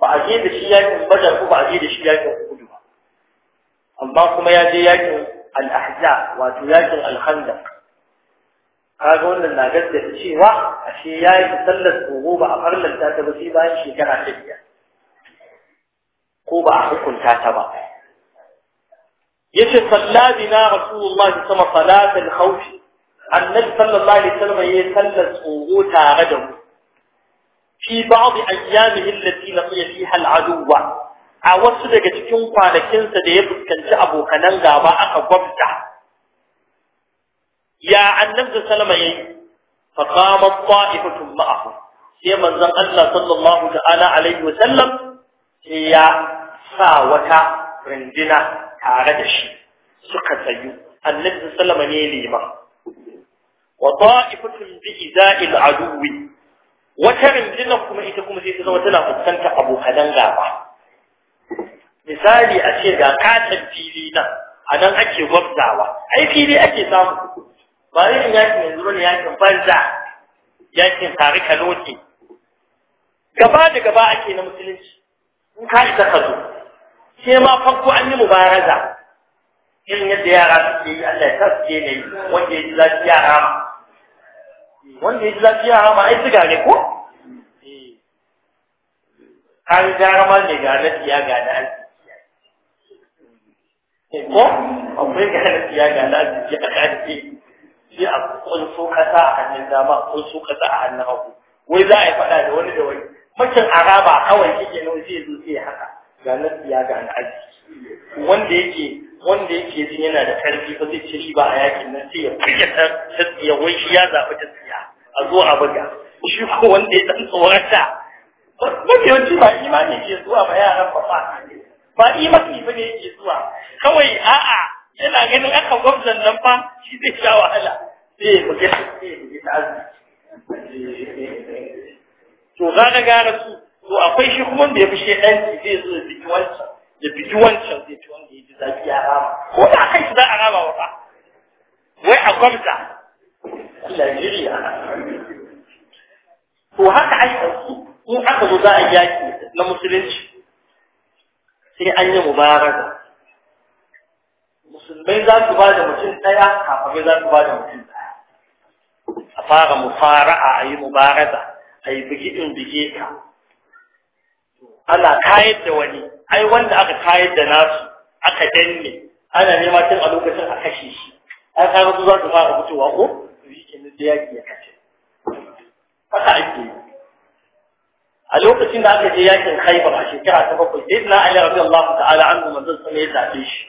a je da shi ba ba a je da shi yakin Badar ko ba a je da shi yakin Uhud ba amma kuma ya je yakin al ahza wato yakin Al-Khandaq kaga wannan na da cewa ashe yayi sallar tsoro ba a farlanta ta ba sai bayan shekara ta biyar ko ba a hukunta ta ba yace salla bina rasulullahi sama salatul khawf annabi sallallahu alaihi wasallam yayi sallar tsoro tare da mu fi ba'd ayyamihi allati laqiya fiha al'aduwa a wasu daga cikin kwanakinsa da ya fuskanci abokanan gaba aka gwabta ya annabi sallama yayi fa qama ta'ifatun ma'ahu sai manzon Allah sallallahu ta'ala alaihi wasallam sai ya sa wata rindina tare da shi suka tsayu annabi sallama ne liman wa ta'ifatun bi iza'il aduwi wata rundunar kuma ita kuma sai ta zama tana fuskanta abokan gaba misali a ce ga katon fili nan a nan ake gwabzawa ai fili ake samu ba irin yakin yanzu ne yakin banza yakin tare kalote gaba da gaba ake na musulunci in ka isa ka zo sai ma farko an yi mubaraza irin yadda yara suke yi Allah ya kasance ne wanda ya ji zafi yara ma wanda ya ji zafi yara ma ai siga ne ko an gara ma ne ga na ya ga na arziki ko akwai ga na ya ga na arziki a ƙarfi sai a so kasa a hannun dama so kasa a hannun hagu wai za a yi faɗa da wani da wani mutum araba kawai kike nan sai zo sai haka ga nasiya ga na'aji wanda yake wanda yake jin yana da karfi ba zai ce shi ba a yakin nan sai ya fike ta wai shi ya zaɓi ta a zo a buga shi ko wanda ya dan tsorata mafi yawanci ba imani ke zuwa ba yaran ba fa. ba imani ba ne yake zuwa kawai a'a yana ganin aka gwamnan nan fa shi zai sha wahala sai ya buga sai ya buga ta to za ka gara su to akwai shi kuma da ya fi shaidanci zai zo da fiki wancan da fiki wancan zai fi wanda
ya ji zafi ya rama ko da kai shi za a rama ba wai a gwamza
Najeriya to haka ake in aka zo za a yaƙi na musulunci sai an yi mubaraka musulmai za su ba da mutum ɗaya kafarai za su ba da mutum ɗaya a fara mufara'a a yi mubaraka a yi bugi in bige ka ana kayar da wani ai wanda aka kayar da nasu aka danne ana nema tun a lokacin a kashe shi ai kaga za su fara fitowa ko zikin da yaki ya kace haka ake yi a lokacin da aka je yakin Khaibar a shekara ta bakwai sai na Ali radiyallahu ta'ala an manzon sa ya zabe shi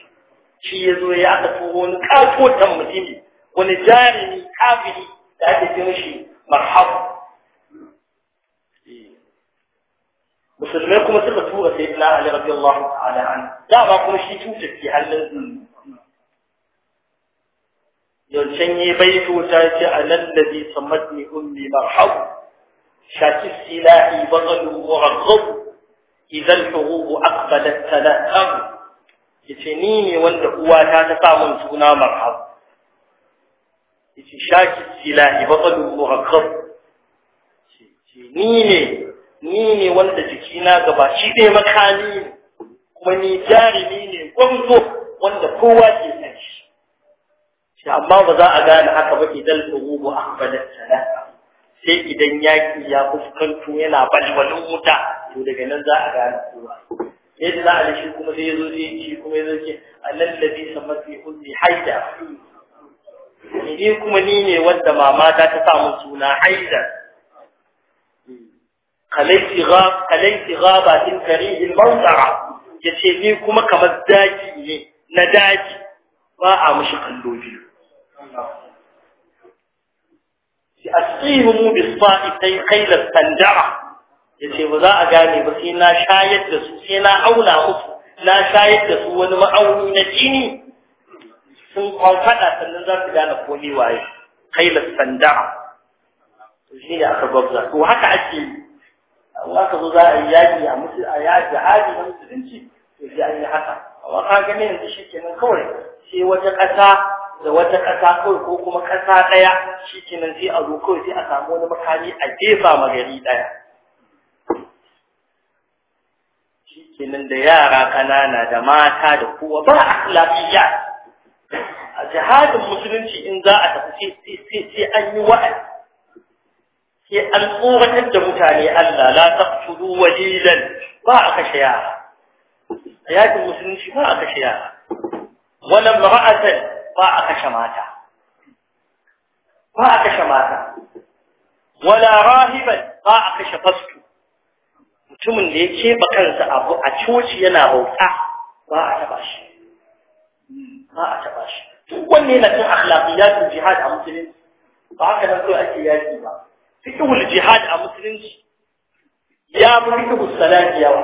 shi ya zo ya aka tuho wani katotan mutumi wani jarimi kafiri da ake ce shi marhabu وسلمكم مثل رسول سيدنا علي رضي الله تعالى عنه لا ما شيء في يحل يقول شني بيت وتاتي على الذي صمتني أمي مرحب شاكي السلاحي بغل ورغب إذا الحروب أقبلت تلاتر يتنيني وانت قواتا تتعمل سونا مرحب يتشاكي السلاحي بغل ورغب يتنيني ni ne wanda jikina shi ɗaya makami ne kuma ni jarumi ne gwamzo wanda kowa
ke san shi
shi amma ba za a gane haka ba idan a ahbadat sana sai idan yaki ya fuskanto yana balbalin wuta to daga nan za a gane kowa sai da Ali shi kuma sai zo sai ci kuma yazo ce allazi samati kulli haida ni kuma ni ne wanda mama ta ta samu suna haidar kalaiti ghab kalaiti ghabatin karihil ya yace ni kuma kamar daji ne na daji ba a mushi kallo biyu ki asibu mu bi sai khayla sandara yace ba za a gane ba sai na shayar da su sai na auna musu na shayar da su wani ma'auni na jini sun kwamfada sannan za su gane komai waye khayla sandara shi ne aka gwabza to haka ake yi amma ka zo za a yi yaƙi a musu a yaƙi a jihadi na musulunci to sai an yi haka amma ka ga yanzu shi kenan kawai sai wata ƙasa da wata ƙasa kawai ko kuma ƙasa ɗaya shi kenan sai a zo kawai sai a samu wani makami a jefa magari ɗaya shi da yara ƙanana da mata da kowa ba a lafiya a jihadin musulunci in za a tafi sai an yi wa'azi sai an tsoratar da mutane Allah la taqtulu walilan ba a kashe yara hayatin musulunci ba a kashe yara wala mar'atan ba a kashe mata ba a kashe mata wala rahiban ba a kashe fastu mutumin da ya keɓe kansa abu a coci yana bauta ba a taba shi ba a taba shi duk wanne na cin akhlaqiyatul jihad a musulunci ba haka nan kawai ake yaki ba fiqhul jihad a musulunci ya fi fiqhul salati yawa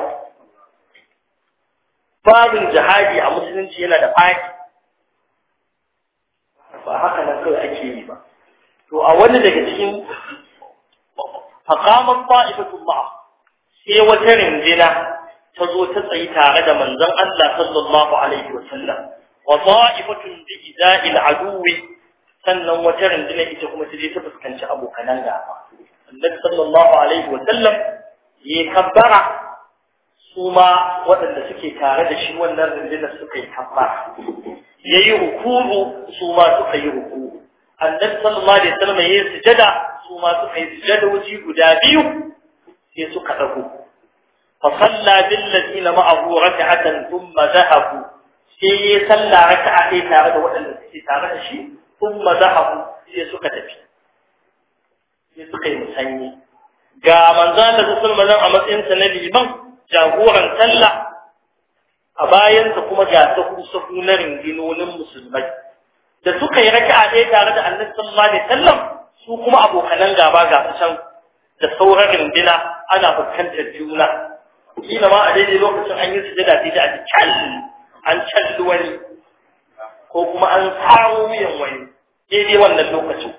babin jihadi a musulunci yana da fadi ba haka nan kawai ake yi ba to a wani daga cikin faqamat ta'ifatun ba sai wata rinjina ta zo ta tsayi tare da manzon Allah sallallahu alaihi wasallam wa ta'ifatun bi iza'il aduwi sannan wata rundunar ita kuma ta je ta fuskanci abokanan gaba annabi sallallahu alaihi wa sallam ya kabbara su ma waɗanda suke tare da shi wannan rundunar suka yi kabbara ya yi rukuru su ma suka yi rukuru annabi sallallahu alaihi wa sallam ya yi sujada su ma suka yi sujada wuci guda biyu sai suka ɗago fa salla bil ladina ma'ahu rak'atan thumma dhahabu sai ya salla raka'a tare da waɗanda suke tare da shi sun mazahabu sai suka tafi sai suka yi musanyi ga manzan da su sun mazan a matsayin sa na liman jagoran talla, a bayan bayansa kuma ga sahu na ringinonin musulmai da suka yi raka'a ɗaya tare da annabi sallallahu alaihi wasallam su kuma abokanan gaba ga su can da sauran rindina ana fuskantar juna kila ma a daidai lokacin an yi sujada sai da a an calli wani ko kuma an samu miyan wani daidai wannan lokacin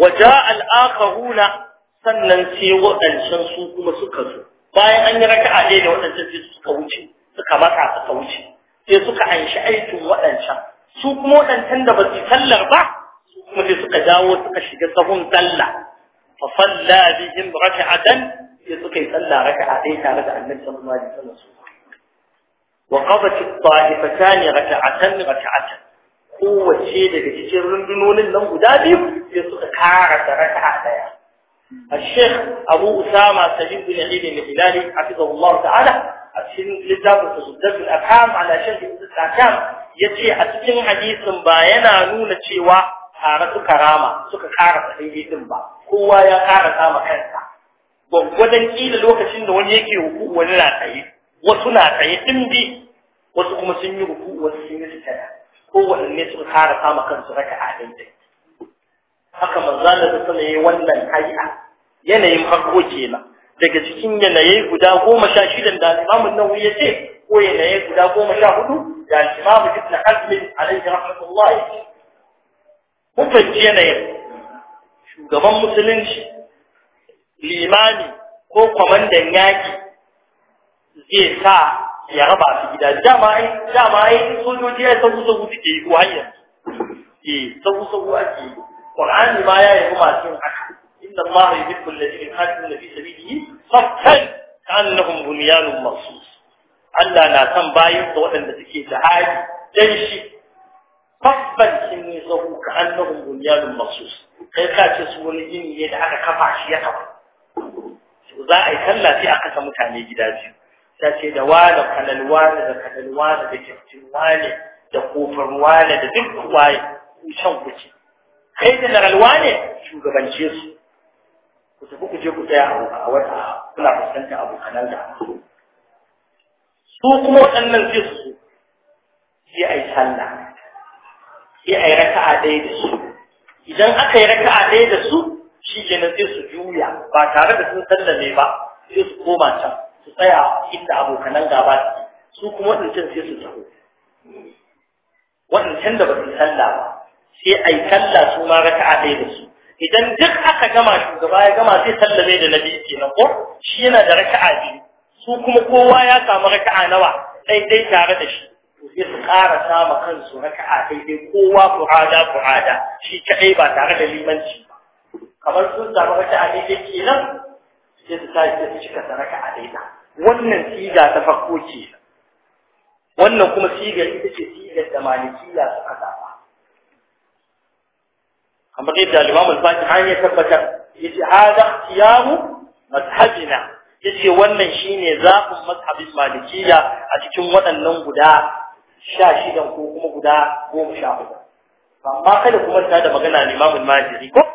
waja al'akharuna sannan sai waɗancan su kuma suka zo bayan an yi raka ɗaya da waɗancan sai suka wuce suka matsa suka wuce sai suka anshi aikin waɗancan su kuma waɗancan da ba su sallar ba su kuma sai suka dawo suka shiga sahun sallah fa salla bihim raka'atan sai suka yi sallah raka'a ɗaya tare da annabi sallallahu alaihi wasallam wa qadat at-ta'ifatan raka'atan raka'atan kowace daga cikin rundunonin nan guda biyu sai suka kara da raka'a daya الشيخ أبو أسامة سليم بن علي الهلالي حفظه الله تعالى أتشين للدابة تزدد الأبحام على شرح الأحكام يتي أتشين حديث باينا نون تشيوا حارة كرامة سك كارة حديث با هو يا كارة كامة كنسا وغدن إلى الوقت إن وني يكي وكو ونلا تأيي وسنا تأيي تمدي وسكما سنيو وكو وسنيو سكنا kowanne sun kara kama kansu raka a daidai haka manzana da sama yi wannan hayya yanayin farko kenan daga cikin yanayi guda goma sha shidan da imamun nawawi ya ce ko yanayi guda goma sha hudu da imamu ibn hazm alaihi rahmatullahi mun fahimci yanayin shugaban musulunci limami ko kwamandan yaki zai sa ya raba su gida dama ai dama ai sojoji ai sabu sabu suke yi ko hanyar eh sabu sabu ake yi qur'ani ma ya yi masu cin haka inna allaha yuhibbu alladhina yuqatiluna fi sabilihi saffan ka'annahum bunyanun marsus Allah na san bayin da waɗanda suke jihadi dan shi saffan sun yi sahu ka'annahum bunyanun marsus kai ka ce su wani gini ne da aka kafa shi ya kafa za a yi sallah sai a kasa mutane gida biyu ta ce da wane kalalwane da kalalwane da kyaftin wane da kofar wane da duk waye shan kuke
kai da laralwa ne
shugabance su ku tafi ku je ku tsaya a wata kuna fuskantar kanal da su kuma waɗannan sai su sai a yi sallah sai a yi raka'a ɗaya da su idan aka yi raka'a ɗaya da su shi kenan sai su juya ba tare da sun sallame ba sai su koma can su tsaya inda abokanan gaba su kuma waɗancan sai su taho waɗancan da ba su sallah ba sai a sallah su ma raka'a ɗaya da su idan duk aka gama shugaba ya gama sai sallame da nabi kenan ko shi yana da raka'a biyu su kuma kowa ya samu raka'a nawa dai-dai tare da shi to sai su ƙara sama kansu raka'a daidai kowa ku fu'ada shi kaɗai ba tare da limanci ba kamar sun samu raka'a daidai kenan sai su tashi su cika saraka a daina wannan siga ta farko ce wannan kuma sigar ita ce sigar da malikiya suka zaɓa kamar yadda al-Imam Fati fatihi ya tabbatar yace hada ikhtiyaru mazhabina yace wannan shine zafin mazhabin malikiya a cikin waɗannan guda sha shidan ko kuma guda goma sha hudu amma kada kuma ta da magana limamin majiri ko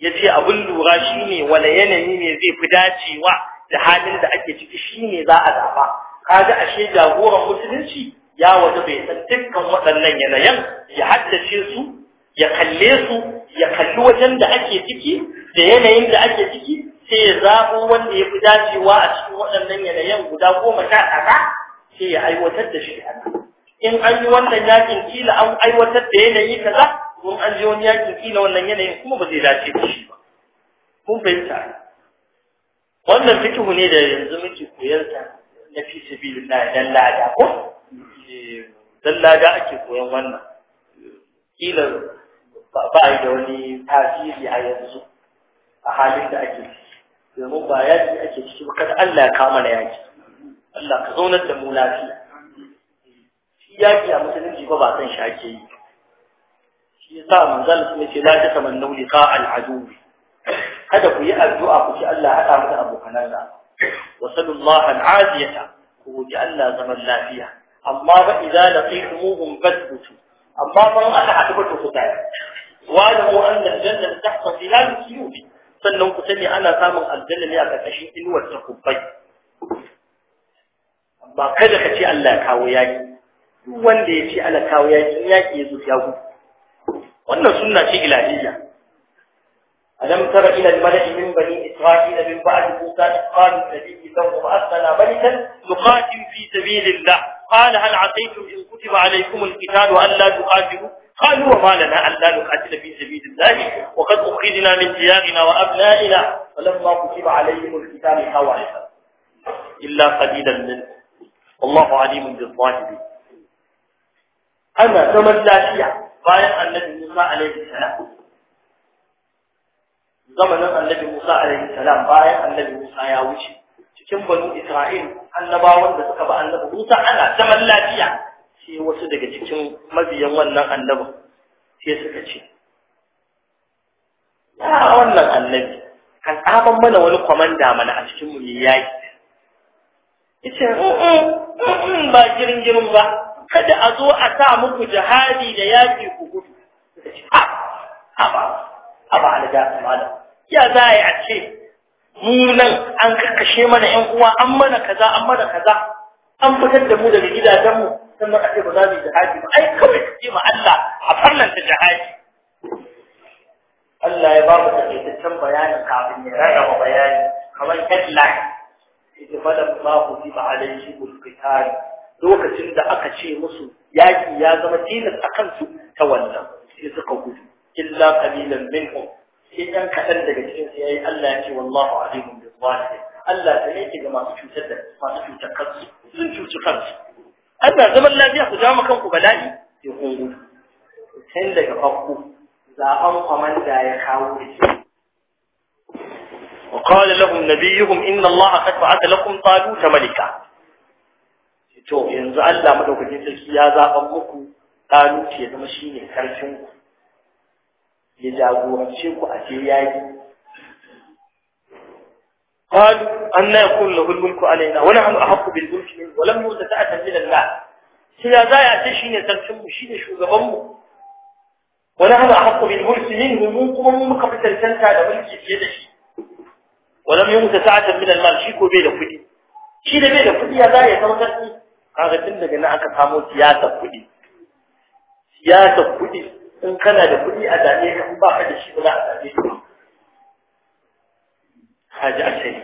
ya ce abin lura shi ne wane yanayi ne zai fi dacewa da halin da ake ciki shi ne za a zaɓa ga ashe jagoran musulunci ya waje bai san dukkan waɗannan yanayin ya haddace su ya kalle su ya kalli wajen da ake ciki da yanayin da ake ciki sai ya zaɓo wanda ya fi dacewa a cikin waɗannan yanayin guda goma sha ɗaya sai ya aiwatar da shi in an yi wannan yakin kila an aiwatar da yanayi kaza in an je wani yaƙi kila wannan yanayin kuma ba zai dace da shi ba kun fahimta wannan fikihu ne da yanzu muke koyar ta na fi na dan lada ko eh, dan lada ake koyan wannan kila ba yi da wani tasiri a yanzu a halin da ake domin ba ce ake ciki ba kada Allah ya kama na yaƙi Allah ka zaunar da mu lafiya Yaƙi a musulunci ba ba san shi ake yi shi yasa manzal kuma ce la ta tamanna liqa al adu kada ku yi addu'a ku ci Allah hada mu da abokan Allah wa sallallahu al aziyata ku ji Allah zaman lafiya amma ba idza laqitumuhum fasbutu amma ban aka haɗu ku tsaya wa'lamu an al jannata tahta zilal suyub sannan ku sani ana samun aljanna ne a ƙarƙashin inuwar takubbai amma kada ka ce Allah kawo yaki duk wanda ya ce Allah kawo yaki yaki ya zo ya gudu wannan sunna ce ilahiyya alam tara ila al-mala'i min bani isra'ila min ba'di musa qalu nabiyyi lahum asala balikan nuqatil fi sabilillah qala hal ataytum in kutiba alaykum al-qitalu an la tuqatilu قالوا وما لنا أن لا نقاتل في سبيل الله وقد أخذنا من ديارنا وأبنائنا فلما كتب عليهم القتال خوارفا إلا قليلا منهم والله عليم بالظالمين أنا ثمن لا شيئا bayan annabi Musa alaihi salam zamanin annabi Musa alaihi salam bayan annabi Musa ya wuce cikin banu Isra'il annabawan da suka ba annabi Musa ana zaman lafiya sai wasu daga cikin mabiyan wannan annabi sai suka ce
ya wannan
annabi kan tsaban mana wani kwamanda mana a cikin mu yayi
yace ba girin
girin ba kada a zo a sa muku jihadi da yaƙi ku gudu haba haba alaga malam ya za a yi a ce mu nan an kakkashe mana yan uwa an mana kaza an mana kaza an fitar da mu daga gidajenmu sannan a ce ba za mu yi jihadi ba ai kawai ka ce ma Allah a fannin ta jihadi Allah ya ba mu ƙetaccen bayanin kafin ya rarraba bayani kamar headline Ita إذ ba كتب عليه tari. lokacin da aka ce musu yaki ya zama tilas a kansu ta wannan sai suka gudu illa qalilan minhum sai ɗan kaɗan daga cikin su yayi Allah ya ce wallahu alimun bil zalimin Allah ta ne ke ga masu cutar da masu cutar kansu sun cuci kansu Allah zaman lafiya ku jama kanku bala'i sai kun gudu tun daga farko zaɓen kwamanda ya kawo da shi وقال لهم نبيهم إن الله قد بعث لكم طالوت ملكا to yanzu Allah madaukakin sarki ya zaɓa muku ƙalu ce zama shi ne ƙarfin ku ya jagorance ku a ce yayi قالوا أن يكون له الملك علينا ونحن أحق بالملك منه ولم يؤت سعة من الله سيا ذا يأتشين يترسم شين شو غبمه ونحن أحق بالملك منه منكم ومن قبل تلسلت على ملكي في يده ولم يؤت سعة من المال شيكو بيه لفدي shi da bai da kudi ya za ya zama karfi kaga tun daga nan aka samo siyasar kuɗi siyasar kuɗi in kana da kuɗi a zaɓe ka in ba ka da shi ba za a zaɓe ka haji a sai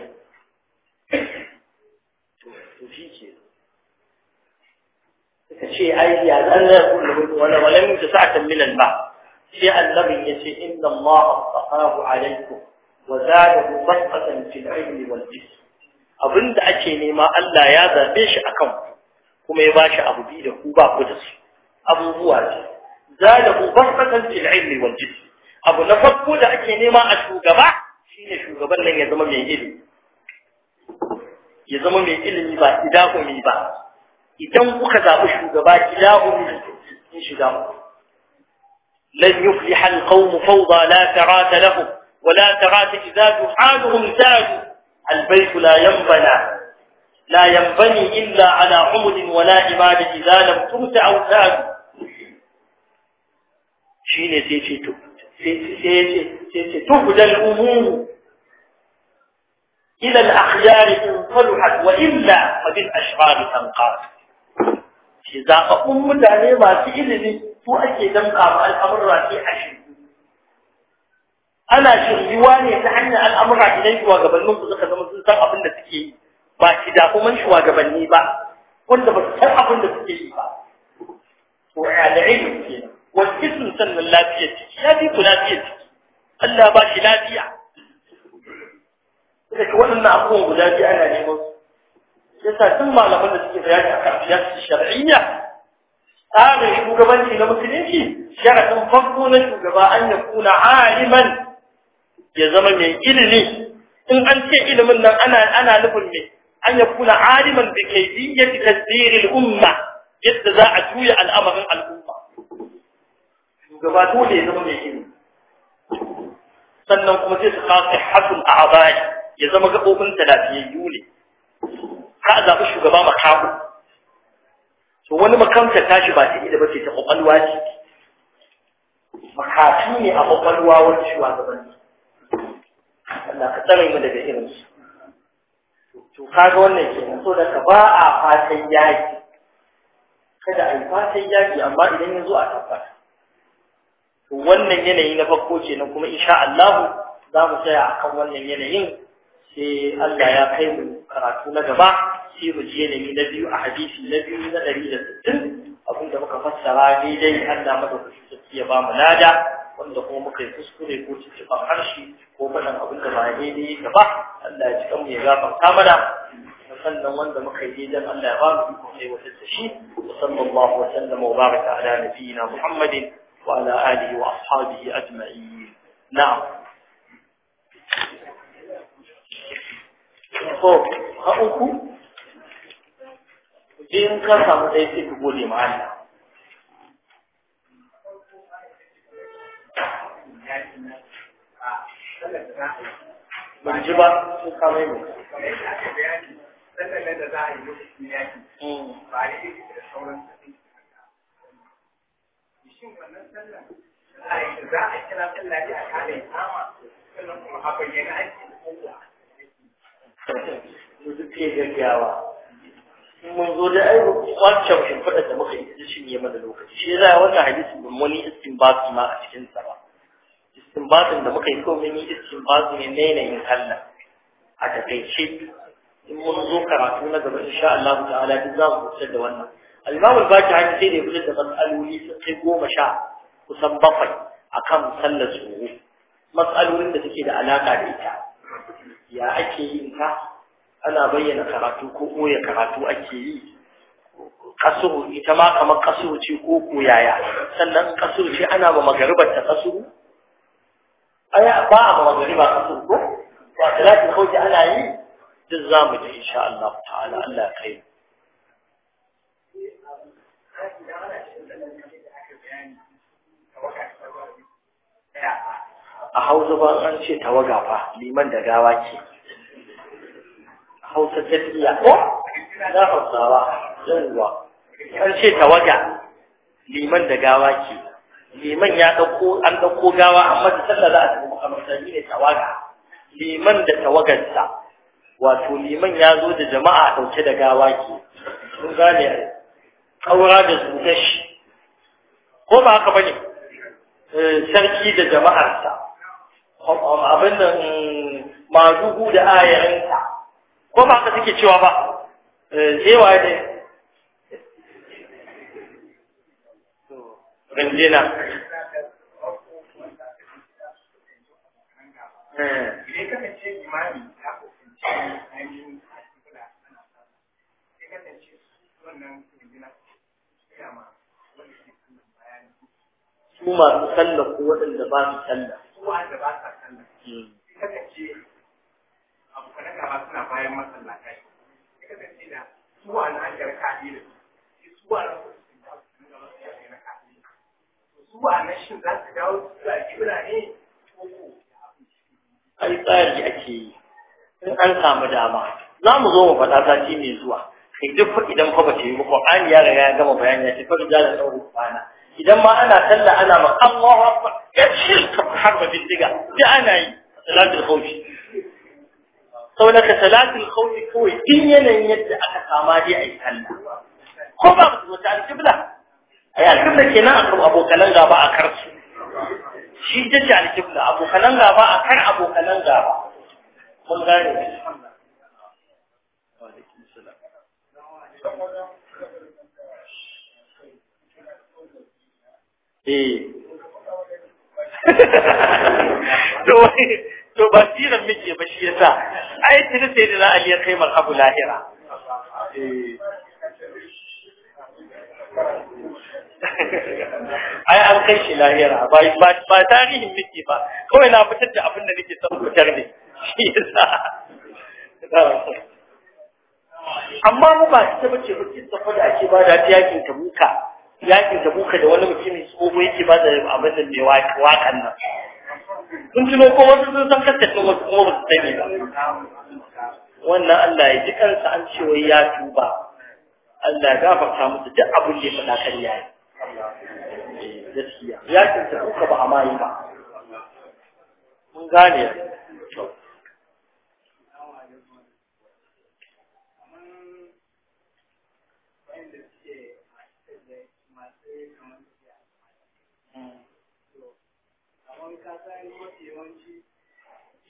to shi ke suka ce ai ya zan zan kullum wani walamin da sa'atan minan ba sai annabin ya ce inna Allah taqahu alaikum wa zadahu basatan fil ilmi wal jism abinda ake nema Allah ya zabe shi akan ku kuma ya bashi abu bi da ku ba ku da su abubuwa ne zalahu basatan fil ilmi wal jism abu na farko da ake nema a shugaba shine shugaban nan ya zama mai ilimi ya zama mai ilimi ba mi ba idan kuka zabi shugaba mi in shiga lan yufliha al qawm fawda la فوضى lahu wa la ولا ترات إذا جحالهم al bayt la yanbana لا ينبني إلا على عمد ولا إبادة إذا لم تمتع أو تاب شين تهدى الأمور إلى الأخيار انطلحت وإلا فبالأشغال تنقاط إذا فأمت عليه ما تئذني فأكي تنقاط الأمر راتي أشد أنا شغيواني تحني الأمر راتي نجوى قبل نمت ذكرة من أبنى تكيه ba shi da kuma shugabanni ba wanda ba su san abin da suke yi ba to al'ilm kenan wal ism sannan lafiyar ciki ya bi ku lafiyar ciki Allah ba shi lafiya da ke waɗannan abubuwan guda biyu ana neman Ya sa tun malaman da suke bayani a kan siyasar shar'iyya tsarin shugabanci na musulunci sharaɗin farko na shugaba an ya kuna aliman ya zama mai ilimi in an ce ilimin nan ana ana nufin mai an ya kuna aliman bi ya tadbir al-umma yadda za a juya al'amarin al'umma shugaba dole ya zama mai ilimi sannan kuma sai su kasa kasu a a'bai ya zama gabobin talafiyayyu ne ka zaɓi shugaba makaho to wani makamta tashi ba ta da ba ce ta ƙwaƙwalwa ce makafi ne a kwakwalwa wani shugabanni Allah ka tsare mu daga irinsu to kaga wannan kenan so da ka ba a fatan yaki kada a yi fatan yaki amma idan ya zo a tabbata to wannan yanayi na farko nan kuma insha Allah za mu tsaya akan wannan yanayin sai Allah ya kai mu karatu na gaba sai mu ji yanayi na biyu a hadisi na biyu na 160 abinda muka fassara daidai Allah madaukakin sarki ya ba mu lada wanda kuma muka yi kuskure ko tuntuɓar harshe ko faɗin abin da ba ne ka ba Allah ya ci kanmu ya gafarta mana sannan wanda muka yi dan Allah ya ba mu iko sai wata da shi sallallahu wa sallam wa baraka ala nabiyyina Muhammadin wa ala alihi wa ashabihi ajma'in na'am to ha uku in ka samu dai sai ku gode ma Allah
sallar da za a yi ban ji ba sun kama yi sallar da za a lokacin yaki ba da yi da sauran shin wannan sallar za a kira sallar da a kare kama sannan kuma a bayyana ake kowa
mutu ke gaggawa mun zo da ai wancan shimfiɗa da muka yi shi ne mana lokaci shi ya a wannan hadisi ban wani su ma a cikin sa ba istinbatin da muka yi ko mun yi istinbatu ne na yanayin Allah a takaice in mun zo karatu na gaba insha Allah ta'ala duk za mu fitar da wannan al-Imam al-Baqi haka sai da fitar da mas'aloli sun goma sha kusan bakwai akan sallar zuwa mas'alolin da suke da alaka da ita ya ake yin ta ana bayyana karatu ko koya karatu ake yi ita ma kamar kasuru ce ko koyaya sannan kasuru ce ana ba magaribar ta kasuru aya ba a magariba ba sun ko ba lafi kawai ana yi duk za mu ji insha Allah ta'ala Allah kai a hausa ba an ce tawaga fa liman da gawa ke hausa ta tafiya ko na hausawa zan ruwa an ce tawaga liman da gawa ke liman ya dauko an dauko gawa amma da sallah za a tafi makamantar ne tawaga liman da tawagarsa wato liman ya zo da jama'a dauke da gawa ke sun gane kaura da su shi ko ba haka bane eh, sarki da jama'arsa abin da mazuhu da ayarinsa ko ba haka suke cewa ba zewa eh, ne rinjina masu sallah ko waɗanda ba
su sallah wanda ba su sallah ka ce abu kana ba suna bayan masallatai ka ce da suwa na su wani an yarka ne su wani su na shin za su dawo su a gibira ne ko ko
ai tsari ake yi in an samu dama za mu zo mu faɗa sati mai zuwa duk idan fa ba ta yi ba Qur'ani ya riga ya gama bayani ya ce fa da jalan ɗaure kwana idan ma ana talla ana ma
Allah akbar ya
shirka harba bindiga da ana yi salatul khawfi sau naka salatul khawfi kawai din yanayin yadda aka kama dai a yi talla ko ba ku wata alƙibla a yi alƙibla kenan akan abokanan gaba a kar su shi ta ce alƙibla abokanan gaba a kar abokanan gaba mun gane Thank you. Eh. to to basiran muke ba shi yasa ai tuni sai da Ali ya kai abu lahira
eh. ai an kai shi lahira ba
ba tarihin muke ba kawai na fitar da abin da nake son fitar ne shi yasa amma mu ba ta bace ba kisa da ake ba da yakin muka. yakin da buka da wani mutumin tsoho yake ba da abin da mai wakan nan
kun tuno ko wasu
sun san kasar ɗin wasu kuma ba su sani ba wannan Allah ya ji kansa an ce wai ya tuba Allah ya gafarta musu duk abin da ya faɗa kan yayi gaskiya yakin da buka ba a mayi ba mun gane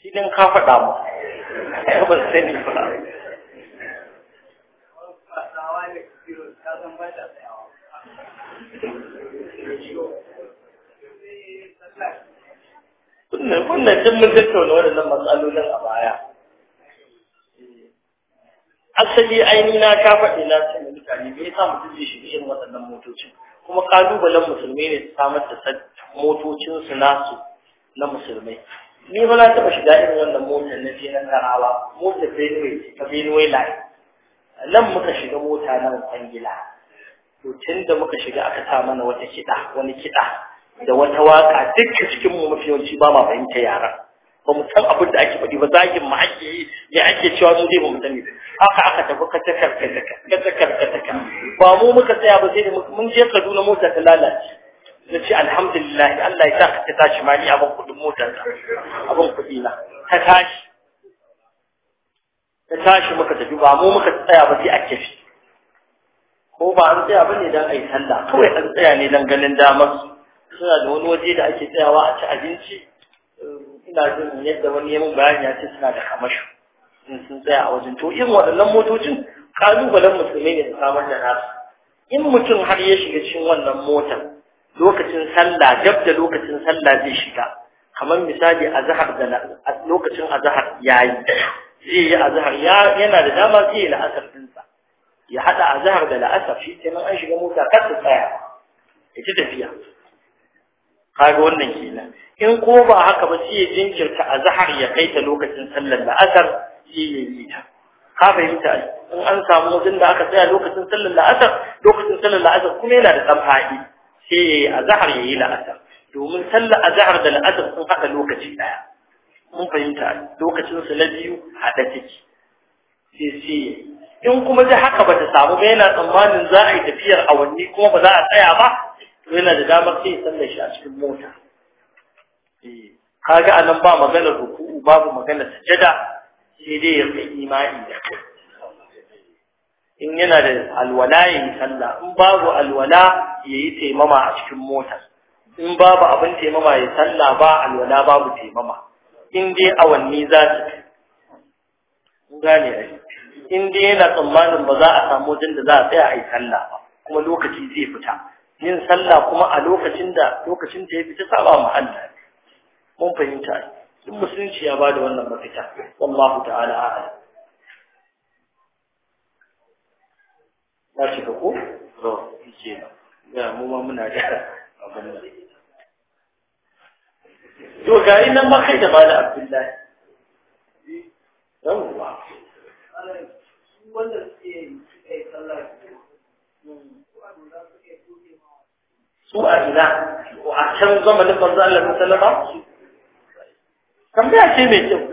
shi ɗin ka faɗa mu ban sani ba
kunnan duk mun tattauna waɗannan matsalolin a baya asali aini na ta faɗi na ce mutane me yasa mutum zai shiga irin waɗannan motocin kuma kalubalen musulmai ne su samar da motocinsu nasu na musulmai ni ba ta taɓa shiga irin wannan motar na je na karawa motar benue ta benue line nan muka shiga mota nan kwangila to tun da muka shiga aka sa mana wata kiɗa wani kiɗa da wata waka dukkan cikin mu mafi yawanci ba ma fahimta yaran ba mu san abin da ake faɗi ba zagin mu ake yi me ake cewa mu zai ba mu sani haka aka tafi ka takar ka takar ka takar ka takar ba mu muka tsaya ba sai da mun je Kaduna mota ta lalace na ce alhamdulillah Allah ya sa ka tashi ma ni abin kudin motar abin kudi na ta tashi ta tashi muka tafi ba mu muka tsaya ba sai a kefi ko ba an tsaya bane dan ai sallah kawai an tsaya ne dan ganin damar suna da wani waje da ake tsayawa a ci abinci ina jin yadda wani yamin bayani ya ce suna da kamashu in sun tsaya a wajen to irin waɗannan motocin kalubalen musulmai ne da samar da nasu in mutum har ya shiga cikin wannan motar lokacin sallah dab da lokacin sallah zai shiga kamar misali azhar da lokacin azhar yayi zai yi azhar ya yana da dama zai yi la'asar dinsa ya hada azhar da la'asar shi kenan an shiga mota kar ta tsaya ya ita tafiya kaga wannan kenan in ko ba haka ba sai ya jinkirta azhar ya kai ta lokacin sallar la'asar sai ya yi ta ka fahimta in an samu wajen da aka tsaya lokacin sallar la'asar lokacin sallar la'asar kuma yana da tsamfani sai a zahar yi la'asar domin sallar zahar da la'asar sun haɗa lokaci daya. mun fahimta lokacin su na biyu haɗa ciki sai sai in kuma ji haka ba ta samu ba yana tsammanin za a yi tafiyar awanni kuma ba za a tsaya ba to yana da damar sai sallar shi a cikin mota eh, kaga anan ba maganar ruku'u babu maganar sajada sai dai ya kai imani da kai in yana da alwala ya yi sallah in babu alwala ya yi taimama a cikin motar in babu abin taimama ya sallah ba alwala babu taimama in dai awanni za su in gane ai in dai yana tsammanin ba za a samu wajen da za a tsaya a yi sallah ba kuma lokaci zai fita yin sallah kuma a lokacin da lokacin da ya fita saba ma Allah mun fahimta duk musulunci ya bada wannan mafita wallahu ta'ala a'lam ta shiga ko to shi ya mu ma muna da abin da to ga nan ma kai da malam abdullahi yawwa
wanda suke kai sallah su a ina a can zamanin manzo Allah sallama
tambaya ce mai kyau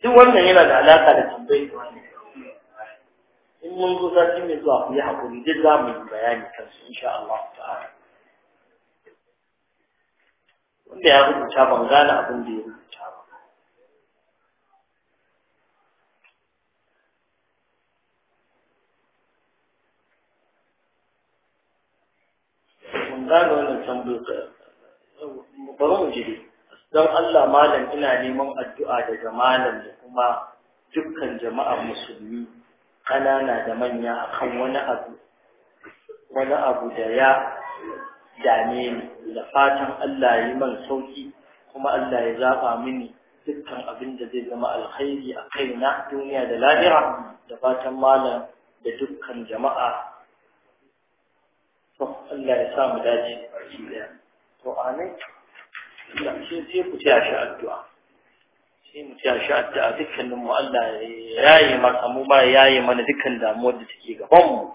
duk wannan yana da alaƙa da tambayi in mun zo sati mai zuwa ku yi haƙuri duk za mu yi bayani kan su insha Allah ta'ala wanda ya rubuta ban gane abin da ya rubuta ba Ban gane wannan tambayar bari mu jiri don Allah malam ina neman addu'a daga malam da kuma dukkan jama'ar musulmi ƙanana da manya akan wani abu wani abu da ya dame ni da fatan Allah yi man sauki kuma Allah ya zaɓa mini dukkan abin da zai zama alkhairi a kaina duniya da lahira da fatan malam da dukkan jama'a to Allah ya sa mu dace to amin Allah sai ku ta shi addu'a sai mu ci a sha addu'a dukkanin mu Allah ya yi maka mu ba ya yi mana dukkan damuwar da take gaban mu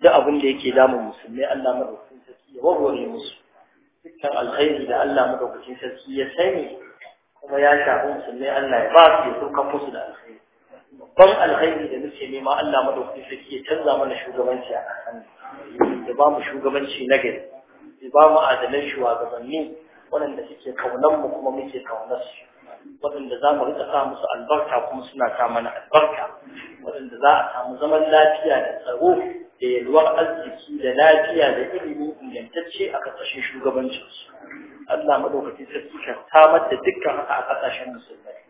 duk abin da yake damun musulmai Allah madaukakin sarki ya wagware musu dukkan alkhairi da Allah madaukakin sarki ya sani kuma ya shafi musulmai Allah ya ba su ya sauka musu da alkhairi babban alkhairi da muke nema Allah madaukakin sarki ya canza mana shugabanci a kasan ya ba mu shugabanci na gari ya ba mu adalan shugabanni waɗanda suke kaunan mu kuma muke kaunar su waɗanda za mu rika sa musu albarka kuma suna ta mana albarka waɗanda za a samu zaman lafiya da tsaro da yalwar arziki da lafiya da ilimi ingantacce a ƙasashen shugabancinsu Allah madaukakin sarki ka samar da dukkan haka a ƙasashen musulmai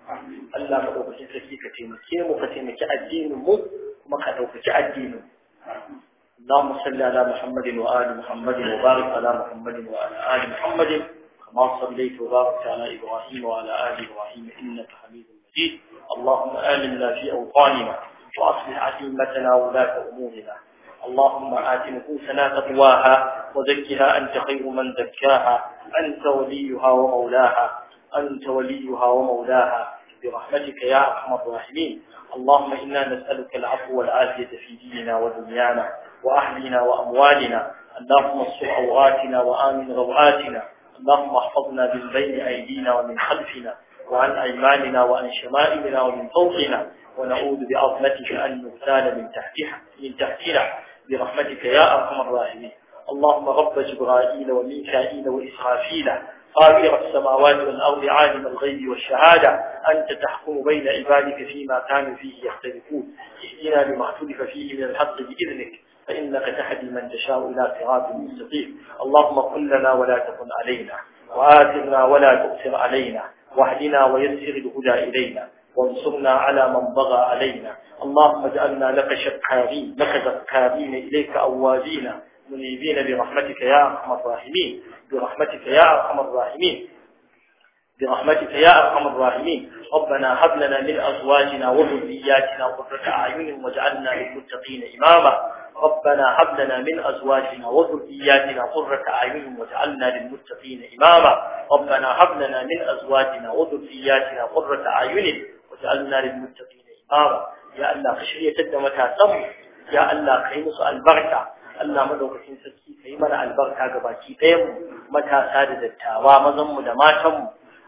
Allah madaukakin sarki ka taimake mu ka taimaki addinin mu kuma ka ɗaukaki addinin mu. اللهم صل على محمد وآل محمد وبارك على محمد وعلى آل محمد كما صليت وباركت على إبراهيم وعلى آل إبراهيم إنك حميد مجيد اللهم آمنا في أوطاننا وأصلح أئمتنا ولاة أمورنا اللهم آت نفوسنا تقواها وزكها أنت خير من زكاها أنت وليها ومولاها أنت وليها ومولاها برحمتك يا أرحم الراحمين اللهم إنا نسألك العفو والعافية في ديننا ودنيانا وأهلنا وأموالنا اللهم اصلح عوراتنا وآمن روعاتنا اللهم احفظنا من بين أيدينا ومن خلفنا وعن أيماننا وعن شمائلنا ومن فوقنا ونعوذ بعظمتك أن نغتال من تحتها من تحتنا برحمتك يا أرحم الراحمين اللهم رب جبرائيل وميكائيل وإسرافيل قادر السماوات والأرض عالم الغيب والشهادة أنت تحكم بين عبادك فيما كانوا فيه يختلفون اهدنا لما اختلف فيه من الحق بإذنك فإنك تهدي من تشاء إلى صراط مستقيم اللهم قل لنا ولا تكن علينا وآتنا ولا تؤثر علينا واهدنا ويسر الهدى إلينا وانصرنا على من بغى علينا اللهم اجعلنا لك شكارين لك ذكارين إليك أوازينا منيبين برحمتك يا أرحم الراحمين برحمتك يا أرحم الراحمين برحمتك يا أرحم الراحمين ربنا هب لنا من أزواجنا وذرياتنا قرة أعين واجعلنا للمتقين إماما ربنا هب لنا من أزواجنا وذرياتنا قرة أعين واجعلنا للمتقين إماما ربنا هب لنا من أزواجنا وذرياتنا قرة أعين واجعلنا للمتقين إماما يا الله خشية الدمتها سم يا الله خيمس البركة Allah madaukakin sarki kai mana albarka gabaki ɗayan mu matasa da dattawa mazan mu da matan mu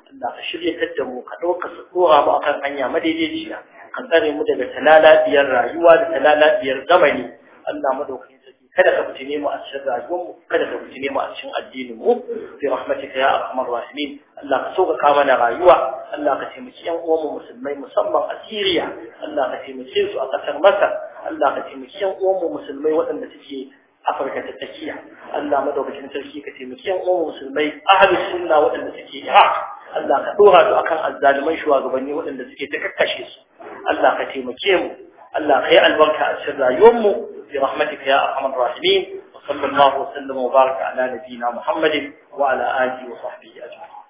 Allah ka shiryatar da mu ka ɗauka su ɗora mu akan hanya madaidaiciya ka tsare mu daga talalabiyar rayuwa da talalabiyar zamani Allah madaukakin sarki kada ka fitine mu a cikin rayuwar mu kada ka fitine mu a cikin addinin mu bi rahmatika ya arhamar rahimin Allah ka sauƙaƙa mana rayuwa Allah ka taimaki ƴan uwan mu musulmai musamman a Syria Allah ka taimake su a ƙasar Masar Allah ka taimaki ƴan uwan mu musulmai waɗanda suke Afirka ta tsakiya Allah madaukakin sarki ka taimaki ƴan uwan musulmai ahlus sunna waɗanda suke Iraq Allah ka dora su akan azzaliman shugabanni waɗanda suke ta kakkashe su Allah ka taimake mu Allah ka yi albarka a cikin rayuwarmu bi rahmatika ya arhamar rahimin wa sallallahu wa sallama wa baraka ala nabiyina Muhammadin wa ala alihi wa
sahbihi ajma'in